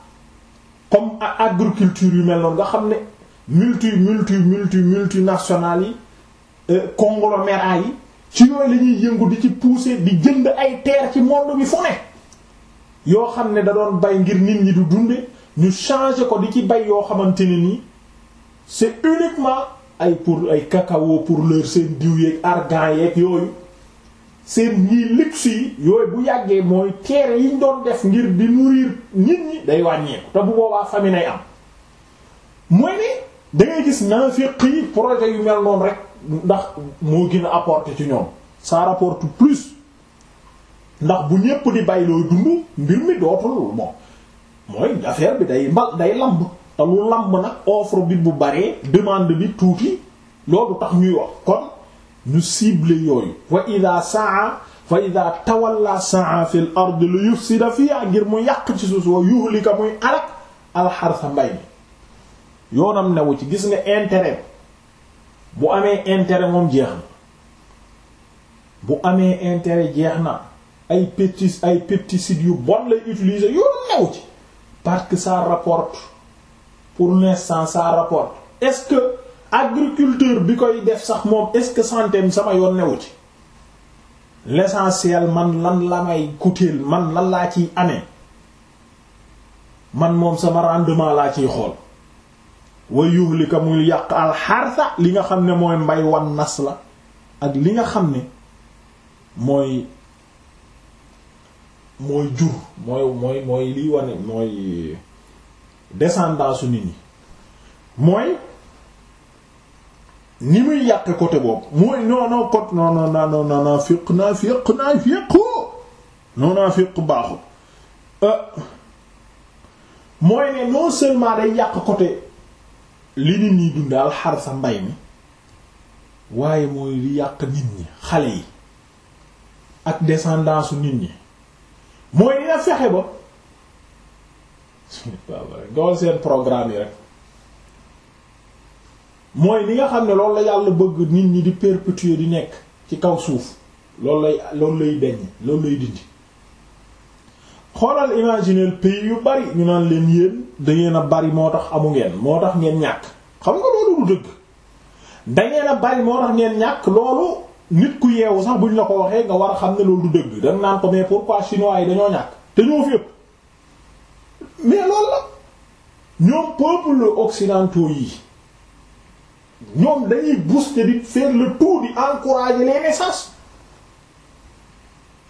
comme agriculture yu mel noonu nga xam ne multi multi multi multinationales yi euh, conglomérats yi ci yooyu la ñuy yëngu di ci pousser di jënd ay terre ci monde bi fu ne yoo xam ne da doon bay ngir nit ñi du dunde ñu changer ko di ci bay yoo xamante ne nii c'est uniquement ay pour ay cacao pour leur seen diw yeeg argan yeeg yooyu seen ñii luxe yi yooyu bu yàggee mooy teere yi ñu doon def ngir di nourrir nit ñi day wàññeeku te bu boobaa famine nay am mooy ne da gis naafiq yi projet yu mel noonu rek ndax moo gën a apporter ci ñoom ça rapporte plus ndax bu ñépp di bay looy dund mbir mi dootul bon mooy affaire bi day mbal day lamb te lu lamb nag offre bi bu baree demande bi tuuti loolu tax ñuy wax kon ñu cible yooyu wa ida saa fa ida tawalla saa fi l ard lu yufsida fiha ngir mu yàq ci suuf wa yuhlika muy alak alxarsa mbay mi yoonam newu ci gis nga intérêt bu amee intérêt moom jeex na bu amee intérêt jeex na ay pesti ay pesticides yu bon lay utiliser yoonu newu ci parce que ça rapporte pour l'instant ça rapporte est-ce que agriculteur bi koy def sax moom est-ce que santeem sama yoon newu ci l'essentiel man lan la may kuteel man lan laa ciy amee man moom sama rendement laa ciy xool wa ko muy yàq alxarsa li nga xam ne mooy mbay wan nas la ak li nga xam ne mooy mooy jur mooy mooy mooy liy wane mooy descendance su nit ñi mooy ni muy yàq côté boobu mooy non non côté non non non non non naa fiq naa fiq non baaxu fiq baaxul euh, mooy ne non seulement day yàq côté li nit ñi dundaal xar sa mbay mi waaye mooy li yàq nit ñi xale yi ak descendance su nit ñi mooy dina fexe ba. waaw (laughs) waaw seen programme yi rek mooy li nga xam ne loolu la yàlla bëgg nit ñi di perpétuer di nekk ci kaw suuf loolu lay loolu lay deñ loolu lay dindi xoolal imaginer pays yu bari ñu naan leen yéen dangeen a bari moo tax amu ngeen moo tax ngeen ñàkk xam nga loolu du dëgg dangeen a bari moo tax ngeen ñàkk loolu nit ku yeewu sax bu ñu la ko waxee nga war a xam ne loolu du dëgg danga naan ko mais pourquoi chinois yi dañoo ñàkk te ñoo fi mais loolu la ñoom peuple occidentaux yi ñoom dañuy booster di faire le tout di encourager les naissances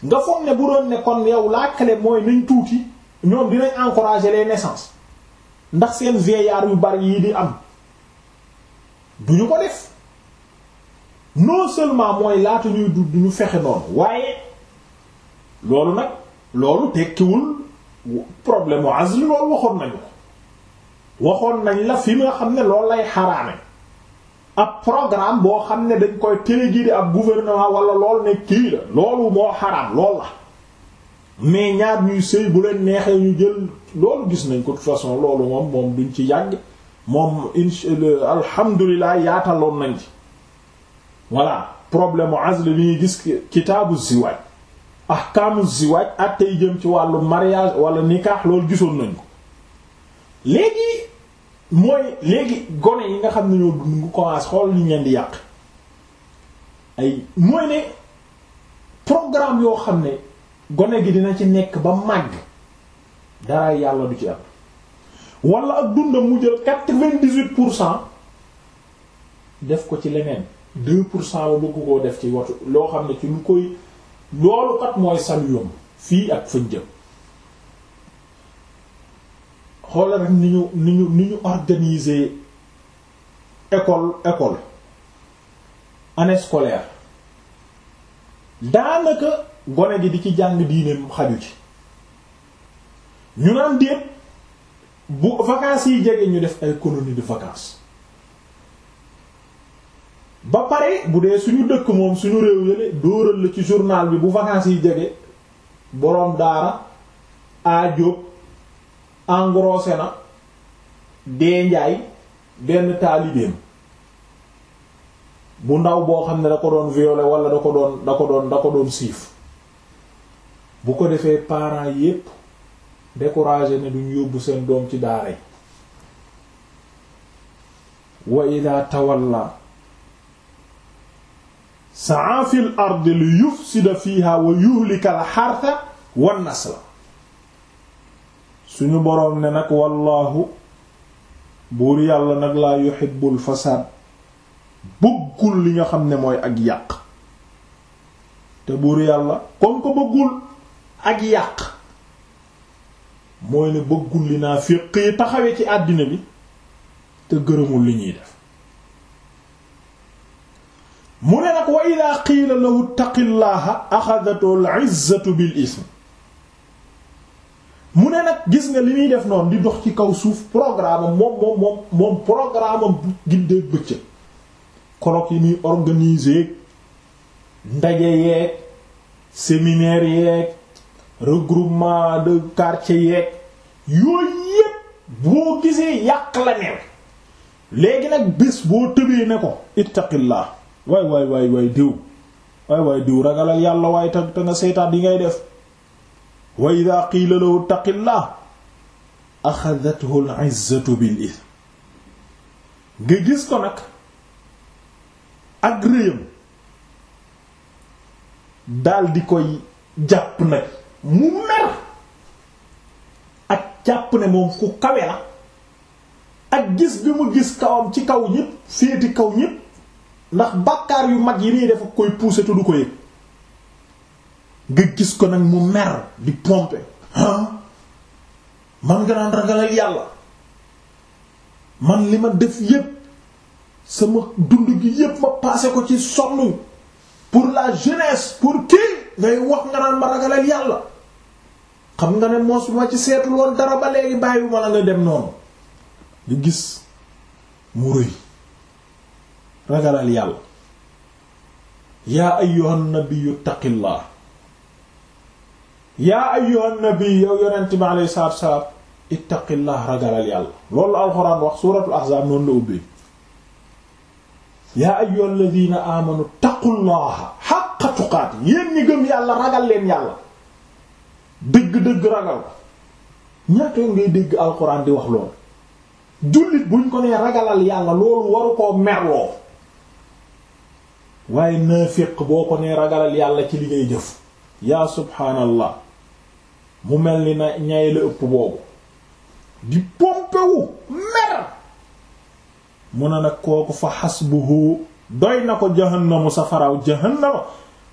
nga foog ne bu doon ne kon yow la clé mooy nañ tuuti ñoom dinañ encourager les naissances ndax seen vieillard yu bari yi di am duñu ko def non seulement mooy laata ñuy du duñu fexe noonu waaye loolu nag loolu tekkiwul problème mu azl loolu waxoon nañu waxoon nañ la fi nga xam ne loolu lay xaraame ab programme boo xam ne dañ koy téléguidé ab gouvernement wala lool nekk kii la loolu moo xaraam lool la mais ñaar ñuy sëy bu leen neexee ñu jël loolu gis nañ ko de toute façon loolu moom moom duñ ci yàgg moom incha alhamdulilah yaataloon nañ ci voilà problème mu azl bi ñuy gis kitaabu ziwaaj ahkaamu ziwaaj àtte yi jëm ci wàllu mariage wala nikaax loolu gisoon nañ ko léegi mooy léegi gone yi nga xam ne ñoo dund ngu commencé xool liñ leen di yàq ay mooy ne programme yoo xam ne gone gi dina ci nekk ba màgg dara yàlla du ci am wala ak dundam mu jël quatre-vingt-dix-huit pour cent def ko ci leneen deux pour cent la bëgg koo def ci watu loo xam ne ci lu koy loolu kat mooy saluyom fii ak fañ jëm xoolal rek ni ñu ni ñu ni ñu organiser école école année daanaka gone gi di ci jàng diineem xaju ci ñu naan déet bu vacances yi jege ñu def ay colonie de vacances ba pare bu dee suñu dëkk moom suñu réew yële dóoral la ci journal bi bu vacances yi jege boroom daara ajóob engrosé na dee njaay benn taalibeem bu ndaw boo xam ne da ko doon violer wala da ko doon da ko doon siif bu ko defee parents yépp découragé ne duñ yóbbu seen doom ci daara yi wa ila tawalla sa'a fil ardi li yufsida fiha wa yuhlika al hartha wan nasla suñu boroom ne nag wallaahu buur yàlla nag laa yuhibbul fasaad bëggul li nga xam ne mooy ak yàq te buur yàlla comme ko bëggul ak yàq mooy ne bëggul li naa yi taxawee ci àddina bi te gërëmul li ñuy def mu ne nag wa ida qiila lahu taqillaha axadatul izzatu bil ism mu ne nag gis nga li muy def noonu di dox ci kaw suuf programme moom moom moom moom programme am gindee bëccëg colloque yi muy organiser ndaje yeeg séminaire yeeg regroupement de quartier yeeg yooyu yépp boo gisee yàq la neew léegi nag bis boo tëbee ne ko ittaqillah waay waay waay diw waay waay diw ragalal yàlla waay te te nga seytaat yi ngay def wa ida qiila lahu taqillah axadathu al-izzatu bil ithm nga gis ko nag ak réyam dal di koy jàpp nag mu mer ak jàpp ne moom ku kawe la ak gis bi mu gis kawam ci kaw ñépp féeti kaw ñépp ndax bàkkaar yu mag yi nii dafa koy pousser te ko yëg nga gis ko nag mu mer di pomper man nga naan ragalal yàlla man li ma def yépp sama dund gi yépp ma passé ko ci sonn pour la jeunesse pour kii ngay wax nga naan ma ragalal yàlla xam nga ne moos ma ci seetul woon dara ba léegi bàyyi ma la dem noonu nga gis mu rëy ragalal yàlla yaa ayyuhan nabiyyu taqillah yaa ayyuhan nabiy yow yonent bi alayhi salaatu wassalaam ittaqillah ragalal yàlla loolu la alxuraan wax suuratul ahzaab noonu la ubbee yaa ayyuhal ladina amanu taqullaha haqqa tuqaati yéen ñi gëm yàlla ragal leen yàlla dëgg-dëgg ragal ko ñaata ngay dégg alxuraan di wax loolu jullit buñ ko nee ragalal yàlla loolu waru koo merloo waaye naafiq boo ko nee ragalal yàlla ci li ngay jëf yaa subhaanallah mu mel ni na ñay la ëpp boobu di pompewu mer mu ne nag kooku fa xasbuhu doy na ko jahannamu safaraaw jahannama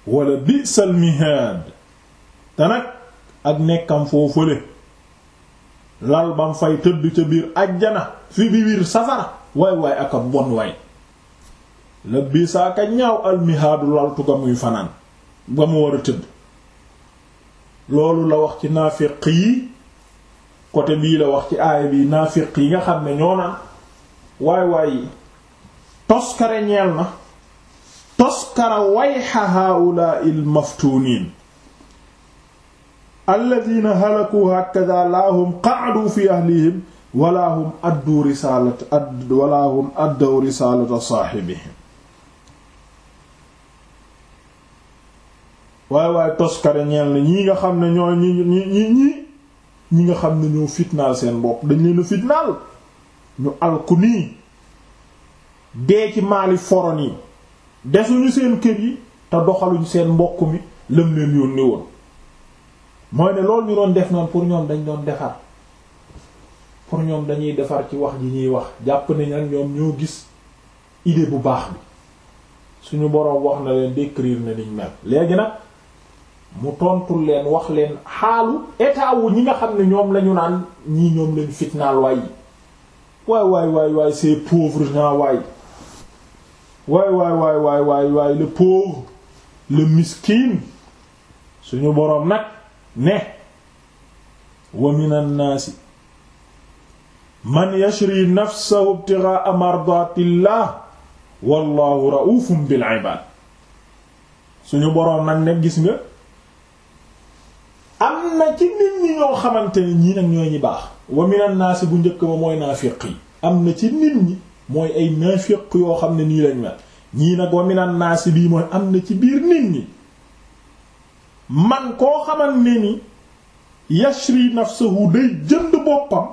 wala bi'sal mihaad te nag ak nekkam foofule lal bam fay tëdd ca biir ajjana fi bi safara waay waay ak bon waay la biisaaka ñaaw almihaadu laltu ga muy fanaan ga mu war a tëdd loolu la wax ci naafiq yi côté bii la wax ci aaya bi naafiq yi nga xam ne ñoo naan waay waay toskare ñeel na toskara wayxa haula il maftuuniin alladina halaku hakada laa hum qaadu fi ahlihim wala hum addu risalata wala hum addu risalata saaxibihim waaye waaye toskare ñeel na xam ne ñoo ñi ñi ñi ñi nga xam ne ñoo fitnaal seen bopp dañ leen a fitnaal ñu alku nii dee ci maali foron yi desuñu seen kër yi te doxaluñ seen mbokk mi lëm leen yónni woon mooy ne loolu ñu doon def noonu pour ñoom dañ doon defar pour ñoom dañuy defar ci wax ji ñuy wax jàpp nañ ak ñoom ñoo gis idée bu baax bi suñu boroom wax na leen décrire na liñ mel léegi nag mu tontul leen wax leen xaalu état wu ñi nga xam ne ñoom lañu naan ñii ñoom lañu fitnaal waay waay waay waay waay c'est pauvre gens waay waay waay waay waay waay suñu boroom nag ne wa min annaasi man yashri nafsahu ibtigha'a mardatillah wallahu ra'ufun bil ibad suñu boroom nag ne gis nga am na ci nit ñi ñoo xamante ne ñii nag ñooy ñi baax wa minan bu njëkk ba mooy naafiq yi am na ci nit ñi mooy ay naafiq yoo xam ne nii lañ mel ñii nag wa minan naasi bii mooy am na ci biir nit ñi man koo xaman ne ni yashri nafsuhu day jënd boppam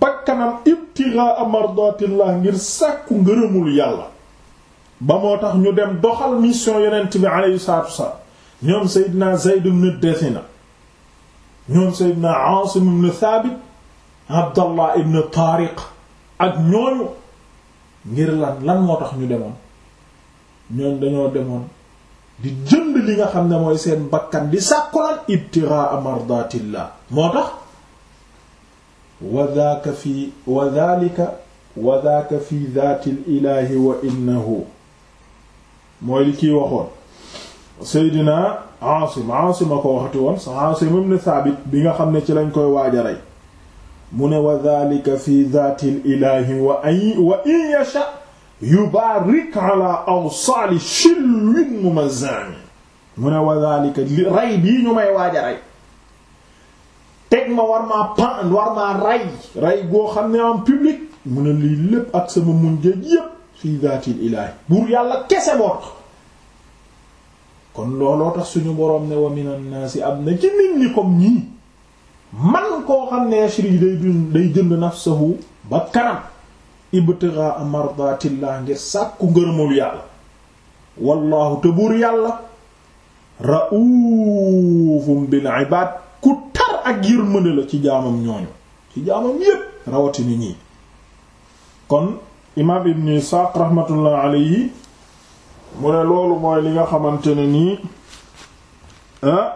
bakkanam ibtigha mardatillah ngir sàkku ngërëmul yàlla ba moo tax ñu dem doxal mission yonent bi alayhi salaatu wassalaam ñoom Seydina Zayd ibn Dathina ñoom Seydina Aasim ibn Thabit Abdallah ibn Tariq ak ñooñu ngir lan lan moo tax ñu demoon ñooñ dañoo demoon di jënd li nga xam ne mooy seen bakkan di sàkkolan ibtiraa mardatillah moo tax wa daaka fi wa daalika wa fi daati l ilahi wa innahu mooy li ciy waxoon Seydina Asim Asim a ko waxati woon Asim ibn bi nga xam ne ci lañ koy waaj a rey mu ne wa dhalika fi dhaatil ilaahi wa ay wa in yasha yubaarik ala awsaali shilwin mumazzani mu ne wa dhalika li rey bii ñu may waaj a teg ma war maa pan war maa rey rey goo xam ne en public mu ne lii lépp ak sama muñ géej fi dhaatil ilaahi buur yàlla kese moo kon looloo tax suñu boroom ne wa minan naasi am na ci nit ñi comme ñii man koo xam ne yashri day dund day jënd nafsahu ba kanam ibtigha mardatillah ngir sàkku ngërëmul yàlla wallaahu te buur yàlla raufum bil ibad ku tar ak yërmande la ci jaamam ñooñu ci jaamam yépp rawati ñii kon imaam ibn Isaaq rahmatullah alayhi mu ne loolu mooy li nga xamante ne nii ah,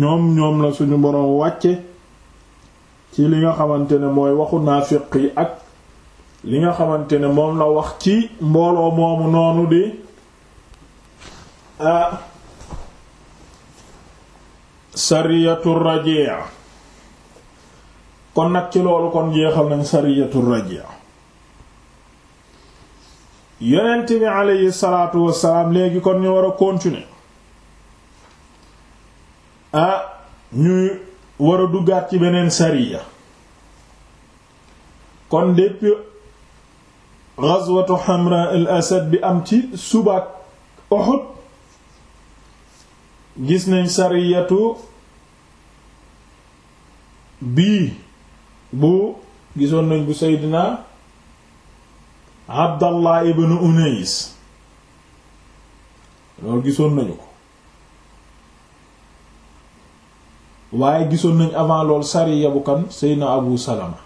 ñoom ñoom la suñu boroom wàcce ci li nga xamante ne mooy waxu naafiq yi ak li nga xamante ne moom la wax ci mbooloo moomu noonu di ah sariyatu rajia kon nag ci loolu kon jeexal nañ sariyatu rajia yonent bi aleyhi salaatu wassalaam léegi kon ñu war a continuer ah ñuy war duggaat ci beneen sariya kon depuis ghazwatu Hamra al Asad bi am ci subaak Uhud gis nañ sariyatu bii bu gisoon nañ bu Seydina abdallah ibn unays loolu gisoon nañu ko waaye gisoon nañ avant lool sariya bu kan seyna abu salama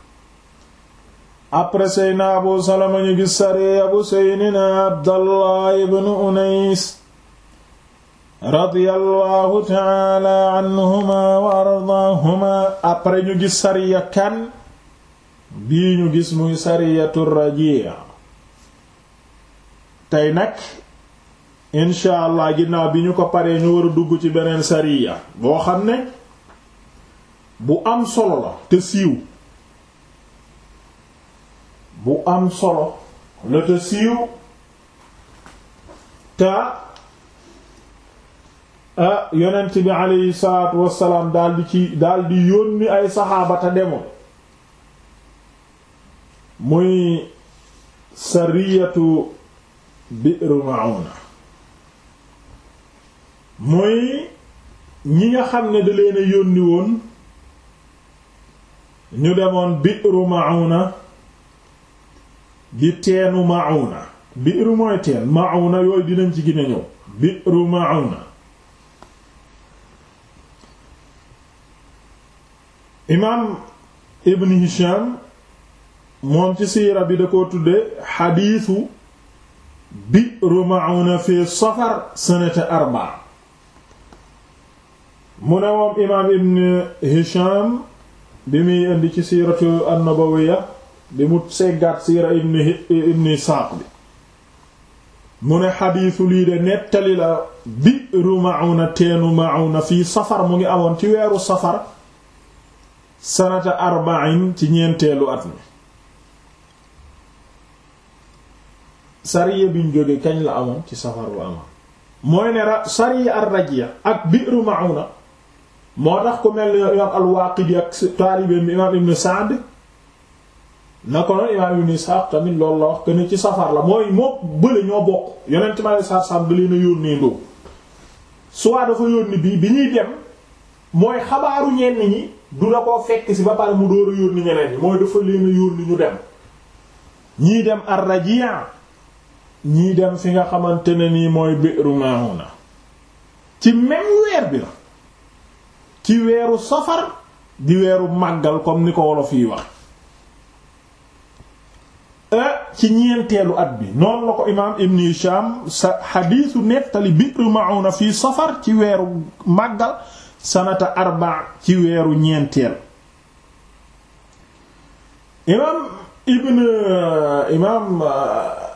après seyna abu salama ñu gis sariya bu seynina abdallah ibn unays radiyallahu taala anhuma wa ardaahuma après ñu gis sariya kan bii ñu gis muy sariyatu rajiya tey nag incha allah ginnaaw bi ñu ko paree ñu war a dugg ci beneen sariya boo xam ne bu am solo la te siiw bu am solo la te siiw te ah yonent bi aleyhi salaatu wassalaam daldi ci daldi yónni ay saxaaba te demoon muy sariyatu bi'ru mooy ñi nga xam ne da leen yónni woon ñu demoon bi'ru ma'una di teenu ma'una bi'ru mooy teen ma'una yooyu dinañ ci gën a ñëw bi'ru ma'una imaam ibn Hisham moom ci siira bi da ko tudde xadiisu bi'ru ma'una fi safar sanata arba mu ne moom imaam ibn hisham bi muy indi ci siiratu an bi mu seggaat siira ibn ibn isaaq bi mu ne xadiisu lii de nettali la bi'ru ma'una teenu ma'una fii safar mu ngi amoon ci weeru safar sanata arba'in ci ñeenteelu at mi sariya biñ jógee kañ la amoon ci safar bu amoon mooy ne ra sariya ar-Rajia ak Bi'ru Ma'una moo tax ku mel ne imaam al-Waaqidi ak taalibe mi imaam Ibn Sa'd na ko noonu imaam Ibn Sa'd tamit loolu la wax que ne ci safar la mooy moo bële ñoo bokk yonent ma Sa'd Sa'd leen a yónnee ndóo soit dafa yónni bii bi ñuy dem mooy xabaaru ñenn ñi du la koo fekk si ba pare mu door a yónni ñeneen ñi mooy dafa leen yónni ñu dem ñii dem ar ñii dem fi nga xamante ne nii mooy Bi'ru Ma'una ci même weer bi la ci weeru safar di weeru màggal comme ni ko wolof yi wax euh, ci ñeenteelu at bi noonu la ko imaam Ibn Hisham sa xadiisu nettali Bi'ru Ma'una fii safar ci weeru màggal sanata arba ci weeru ñeenteel imaam Ibn euh, imaam. Euh,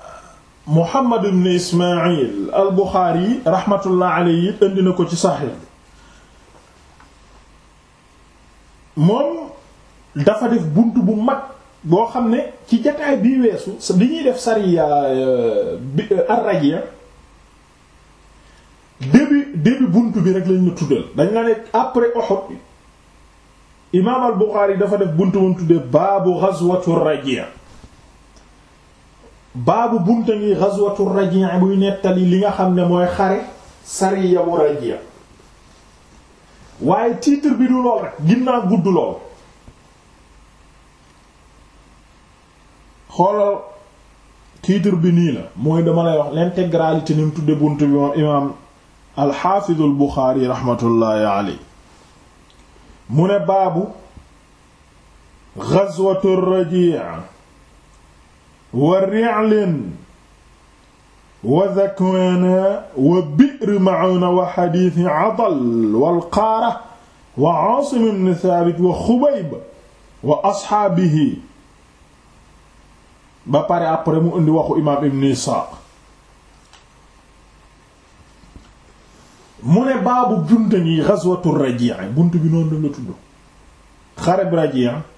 Muhammad ibn Ismaïl al Bukhari rahmatullah yi indi na ko ci Sahih moom dafa def bunt bu mag boo xam ne ci jataay bii weesu li ñuy def sariya euh, bi euh, ar-Rajia début début bunt bi rek lañ ñu tuddal dañ naa ne après Uhud bi imaam al dafa def bunt bu mu tuddee baabu ghazwatu ar-Rajia baabu bunta ngi ghazwatu raji' buy nettali li nga xam ne mooy xare sariya bu raji' waaye titre bi du lool rek ginnaaw gudd lool xoolal titre bi nii la mooy dama lay wax l'intégralité ni mu tudde bunt bi moom imaam alxaafidul buxaari raxmatullaahi mu ne baabu ghazwatu raji' wa ri'lin wa dhakwana wa bi'r ma'una wa hadith 'adal wal qaara wa 'aasim ibn thaabit wa xubayb wa asxaabihi ba pare après mu indi waxu imaam ibn Isaaq mu ne baabu junte ngi ghazwatu Rajii' bunt bi noonu la tudd xareb Rajii'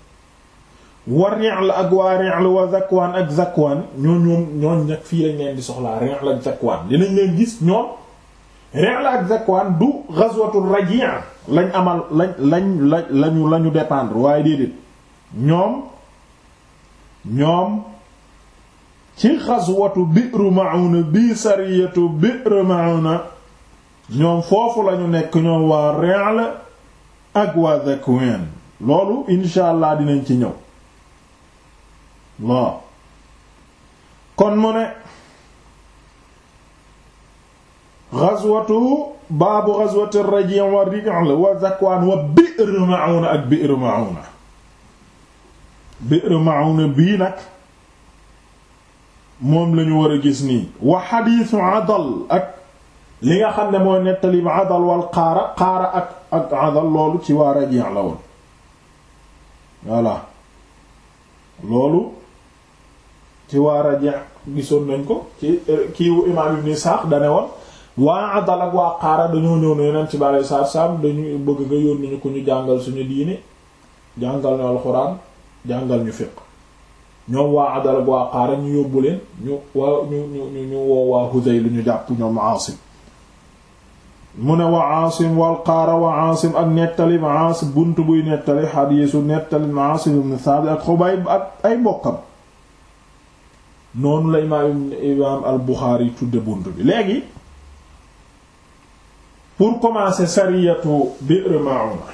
war Ri'l ak waa Ri'l wa Zakwaan ak Zakwaan ñoo ñoom ñooñ nag fii lañ leen di soxlaa Ri'l ak Zakwaan dinañ leen gis ñoom Ri'l ak Zakwaan du ghazwatul Raji' lañ amal lañ lañ lañu la ñu dépendre waaye déedéet ñoom ñoom ci ghazwatu Bi'r Ma'una bi sariyatu Bi'r Ma'una ñoom foofu lañu nekk ñoom waa Ri'l ak waa Zakwaan loolu insha allah ci ñëw waaw kon mu ne ghazwatu baabu ghazwati ar-Raji' wa Rik'l wa Zakwaan wa Bi'r Ma'una ak Bi'r Ma'una Bi'r nag moom lañu war a gis nii wa xadiisu Adal ak li nga xam ne mooy nettali Adal wal Qaara Qaara ak ak Adal loolu ci waa Raji' la woon voilà loolu ci waa raje gisoon nañ ko ci eh, kiiwu imaam ibn Isaaq dane woon waa adal ak waa xaara dañoo ñëw ne ci bari saar saam dañu bëgg nga yónni ñu ko ñu jàngal suñu diini jàngal ñu alxuraan jàngal ñu fiq ñoom waa adal ak waa xaara ñu yóbbu leen ñu waa ñu ñu ñu woo waa Hudayl ñu jàpp ñoom Aasim mu ne wa Aasim wal Qaara wa Aasim ak nettali bunt buy nettali xadiisu nettali Aasim ibn Saabit ak Xubayb ak ay mbokkam noonu la imaam imaam al Buxaari tudde bunt bi léegi pour commencer sariyatu Bi'r Ma'una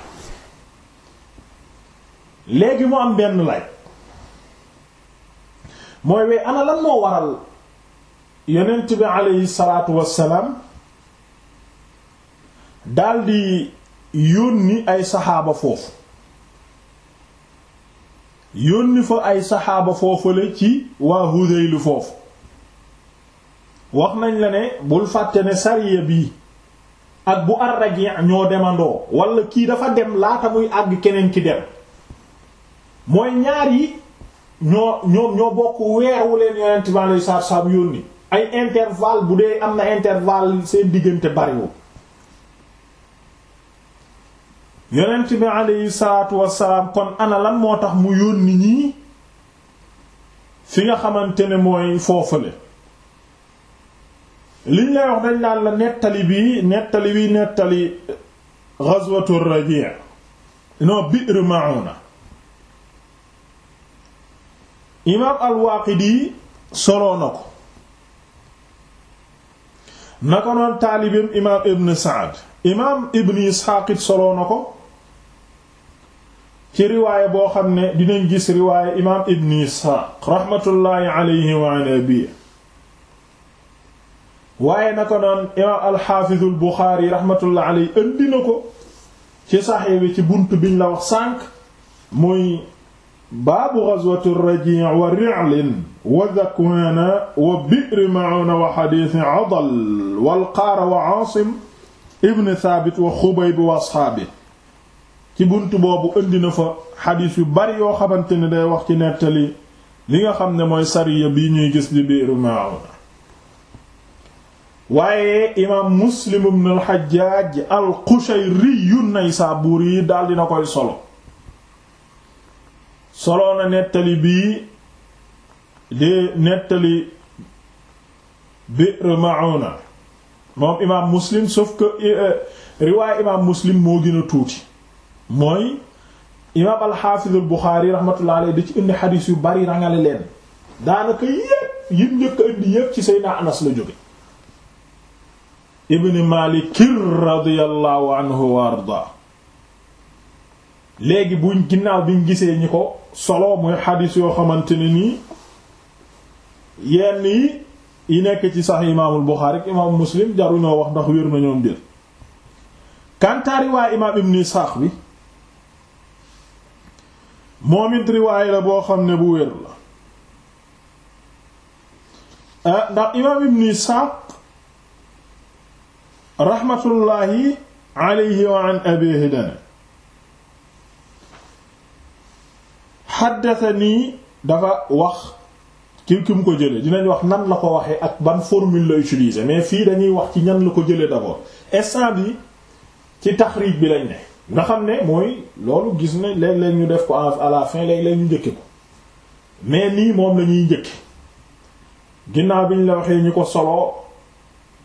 léegi mu am benn laaj mooy wey ana lan moo waral yonent bi aleyhi salaatu wassalaam daldi yónni ay saxaaba foofu yónni fa ay saxaaba foofale ci waa Hudayl foofu wax nañ la ne bul fàtte ne sariya bi ak bu ar ñoo demandoo walla kii dafa dem laata muy àgg keneen ki dem mooy ñaar yi ñoo ñoom ñoo bokk weer wu leen yonent bi alayhi yónni ay interval bu dee am na interval seen diggante bariwul yonent bi aleyhi salaatu wassalaam kon ana lan moo tax mu yónni ñii fi nga xamante ne mooy foofale liñ lay wax dañ daal la nettali bii nettali bii nettali ghazwatu raji' non bi'r ma'una imaam al-Waaqidi soloo ko na ko noon taalibeem imaam ibn Sa'd imaam ibn Isxaaq it ko ci riwaaya boo xam ne dinañ gis riwaaya imaam ibn isxaaq raxmatullaahi alayhi wa an abi waaye na ko noon imaam alxaafisul buxaari raxmatullaahi alayhi indi na ko ci saxiix bi ci bunt biñ la wax sànq muy baabu gazwati rajii wa ri'lin wa dakwaana wa bi'ri ma'uuna wa xadiisi adal wal qaara wa aasim ibn thaabit wa xubayb wa asxaabi ci bunt boobu indi na fa xadiis yu bari yoo xamante ne day wax ci nettali li nga xam ne mooy sariya bi ñuy gis di biiru Maawuna waaye imaam Muslim ibn al-Hajjaj al-Qushayri an-Naysaburi yi daal na koy solo solo na nettali bii di nettali biiru Maawuna moom imaam Muslim sauf que eh, riwaay imaam Muslim moo gën a tuuti mooy imaam alxaafiz albuxaari rahmatullah alayhi da ci indi xadiis yu bari rangale leen daanaka yépp yim njëkk indi yépp ci Seydina Anas la jóge ibn malikir radiallahu anhu wa arda léegi buñ ginnaaw biñ gisee ñi ko solo muy xadiis yoo xamante ni nii yenn yi yi nekk ci sax imaamul Buxaari ak imaam Muslim jaruñoo wax ndax wér na ñoom kantaari waa imaam ibn Isxaaq bi moom riwaay la boo xam ne bu wér la eh, ndax imaam ibn Isaaq raxmatullaahi alayhi wa an abiihi dana xaddatanii dafa wax ki ki mu ko jële dinañ wax nan la ko waxee ak ban formule la utiliser mais fii dañuy wax ci ñan la ko jële d'abord instant yi ci taxriij bi lañ ne nga xam ne mooy loolu gis ne léeg-léeg ñu def ko à la fin léeg-léeg ko mais nii moom lañuy ñuy ginnaaw bi ñu la waxee ñu ko solo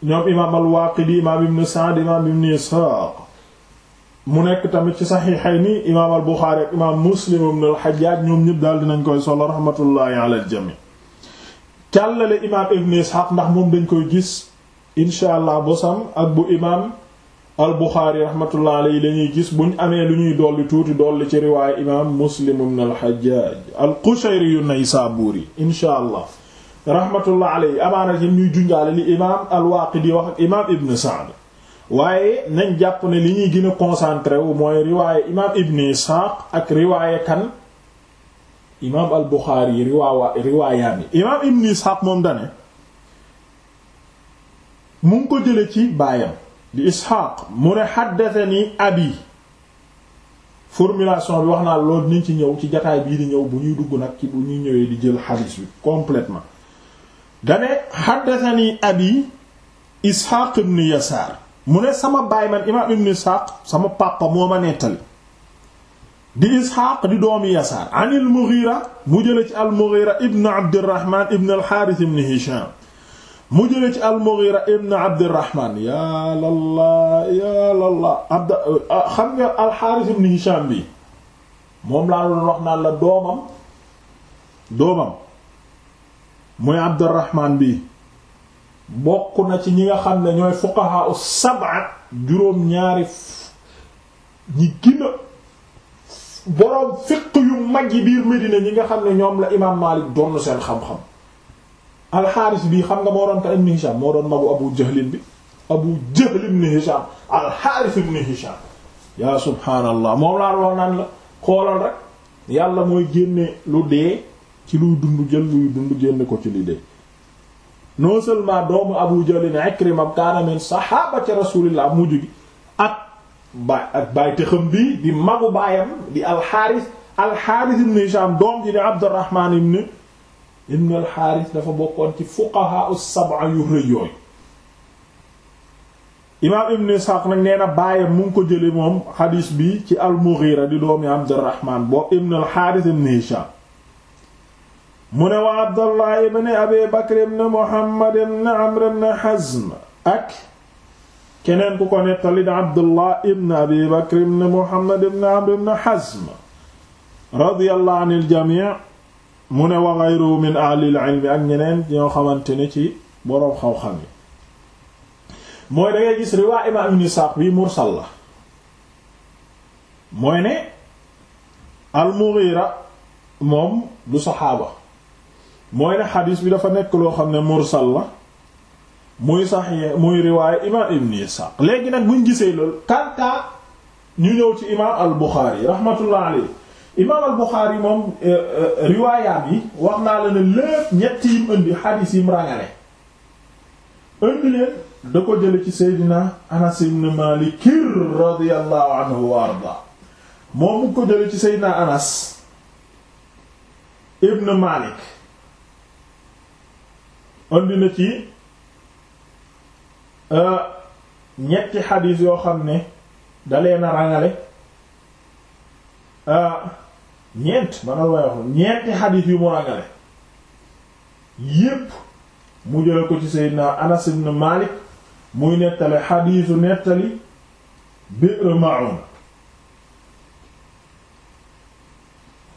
ñoom imaam al-Waaqidi imaam ibn Sa'd imaam ibn Isaaq mu nekk tamit ci saxiixayni imaam al-Buxaari ak imaam Muslim ibn al-Hajjaaj ñoom ñëpp daal dinañ koy solo rahmatullahi ala al-jamii càllale imaam ibn Isaaq ndax moom dañ koy gis incha allah bosam ak bu imaam albuxaari rahmatullah alayhi yi ñuy gis buñ amee lu ñuy dolli tuuti dolli ci riwaaya imaam muslim ibn al-Hajjaj al-Qushayri yu Naysaburi insha allah rahmatullah alayhi amaana ci junjaale li imaam al-Waaqidi wax ak imaam Ibn Sa'd waaye nañ jàpp ne li ñuy gën a wu mooy riwaaya imaam Ibn Ishaq ak riwaaya kan imaam al-Buxaari riwaawa yi imaam Ibn Ishaq moom dane mu ko jële ci baayam di Isxaaq mu ne xaddatani abi formulation bi wax naa loolu ni ci ñëw ci jataay bii di ñëw bu ñuy dugg nag ci bu ñuy ñëwee di jël xadiis bi completement dane xaddatani abi Isxaaq ibn Yasaar mu ne sama baay man imaam ibn Isxaaq sama papa moo ma nettali di Isxaaq di doomi Yasaar an al Mughira mu jële ci al Mughira ibn Abdirahman ibn al Xaaris ibn Hisham mu jëlee ci al-Mughira ibn Abdirahman yaa lalla yaa lalla abd ah, xam nga al-Harith ibn Hisham bi moom laa doon wax naan la doomam doomam muy Abdirahman bi bokk na ci ñi nga xam ne ñooy fuqaha juróom ñaari ñi gina boroom fiq yu mag yi biir Medina ñi nga xam ne ñoom la imaam Maalik doon seen xam-xam alxaaris bii xam nga moo doon ka ibn Hisham moo doon magu abu jahlin bi abu jahl ibn Hisham alxaaris ibn Hisham yaa subhaanallah moom laa wax naan la xoolal rek yàlla mooy génne lu dee ci luy dund jël luy dund génne ko ci lu dee non seulement doomu abu jahlin Ikrima kaana min sahabati rasulillah mujj gi ak baay ak baay tëxam bii di magu baayam di alxaaris alxaaris ibn Hisham doom ji di Abdurrahman ibn ibn al nag nee na baayam mu ko jële moom xadiis bi ci al mughira di doomi abdurrahman boo ibn al ibn muhammad ibn amr ibn hazm ak keneen ku ko nettali di abdullah ibn abi ibn muhammad ibn amr ibn hazm radiyallahu anil jami' mu ne wa ghayru min ahlil ak ñeneen ñoo xamante ne ci boroom xaw-xam yi mooy da ngay gis riwaa imaam ibn Isaaq bi mursal la mooy ne al-Mughira moom du saxaaba mooy ne xadiis bi dafa nekk loo xam ne mursal la muy sax muy riwaay imaam ibn Isaaq léegi nag buñ gisee loolu kanta ñu ñëw ci imaam al-Buxaari rahmatullah alayhi imaam al moom euh, euh, riwaayaat yi wax naa la ne lépp ñett yim indi xadiis yim ràngale indi leen da ko jële ci Seydina Anas ibn Maalik radiyallahu anhu wa ardaa moom mu ko jële ci Seydina Anas ibn Maalik indi na ci euh, ñetti xadiis yoo xam ne da leen ràngale ñeent man la may wax ñeenti xadiis yu mu ràngale yépp mu jële ko ci Seydina Anas ibn Malik muy nettali xadiisu nettali Bi'r Ma'un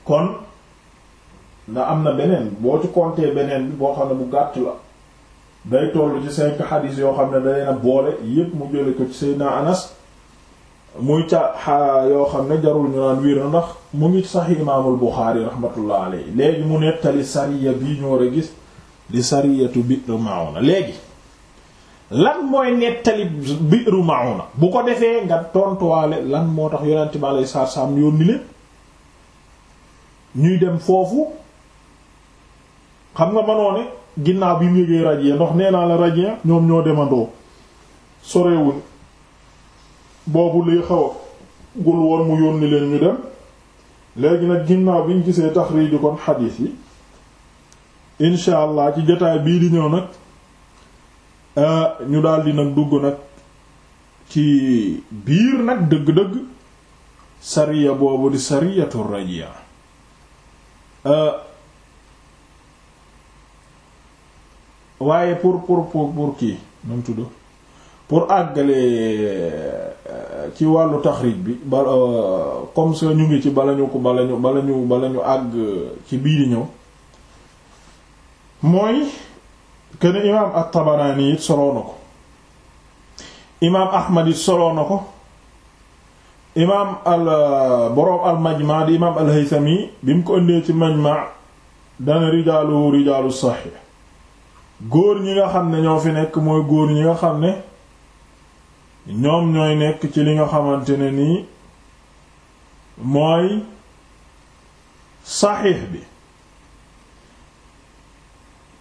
kon na am na beneen boo ci compter beneen bi boo xam ne bu gàtt la day toll ci cinq xadiis yoo xam ne leen a boole yépp mu ko ci Anas muy ca yoo xam ne jarul ñu naan wiir na ndax mu ngi sax imaamul Buxaari rahmatullah alayhi léegi mu nettali sariya bii ñu war gis di sariyatu Bi'r Ma'una léegi lan mooy nettali Bi'r Ma'una bu ko defee nga tontuwaale lan moo tax yonent bi alayhi salaatu salaam yónni leen ñuy dem foofu xam nga mënoo ne ginnaaw bi ñu yëgee rajo ndox nee naa la rajo ñoom ñoo demandoo sorewul boobu lii xaw gul woon mu yónni leen ñu dem léegi nag ginnaaw bi ñu gisee taxriiju kon xadiis yi incha allah ci jotaay bii di ñëw nag ñu daldi nag dugg nag ci biir nag dëgg-dëgg sariya boobu di sariyatu rajia waaye pour pour pour pour kii nu mu tudd pour àggale euh, ci wàllu taxrij bi ba euh, comme ça ñu ngi ci bala ñu ko bala ñu bala ñu bala ñu àgg ci bii di ñëw mooy kenn imaam at-Tabarani it soloo na ko imaam Ahmad it soloo na ko imaam al euh, boroom al-Majma di imaam al-Haythami bi mu ko ëndee ci Majma dana rijaalu rijaalu saxiix góor ñi nga xam ne ñoo fi nekk mooy góor ñi nga xam ne ñoom ñooy nekk ci li nga xamante ne nii mooy saxiix bi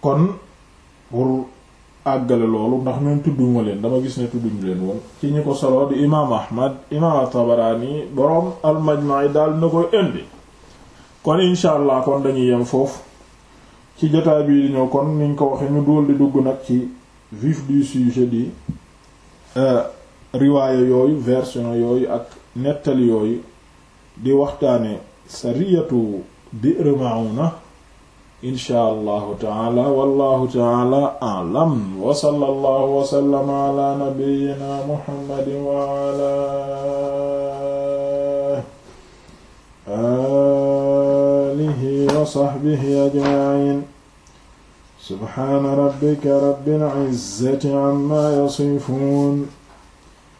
kon pour àggale loolu ndax ñun tudduma leen dama gis ne tudduñu leen woon ci ñu ko solo di imaam ahmad imaam at boroom al-Majmaa yi daal na koy indi kon incha allah kon dañuy yem foofu ci jotaay bi di kon niñ ko waxee ñu dool di dugg nag ci vif du sujet di euh, riwaaya yooyu version yooyu ak nettali yooyu di waxtaane sariyatu bi'r ma'una inshaa allahu taala wallahu taala a'lam wa sallallahu wa sallama ala nabiyyina muhammadin wa ala alihi wa sahbihi ajma'in subhana rabbika rabbil izzati amma yasifun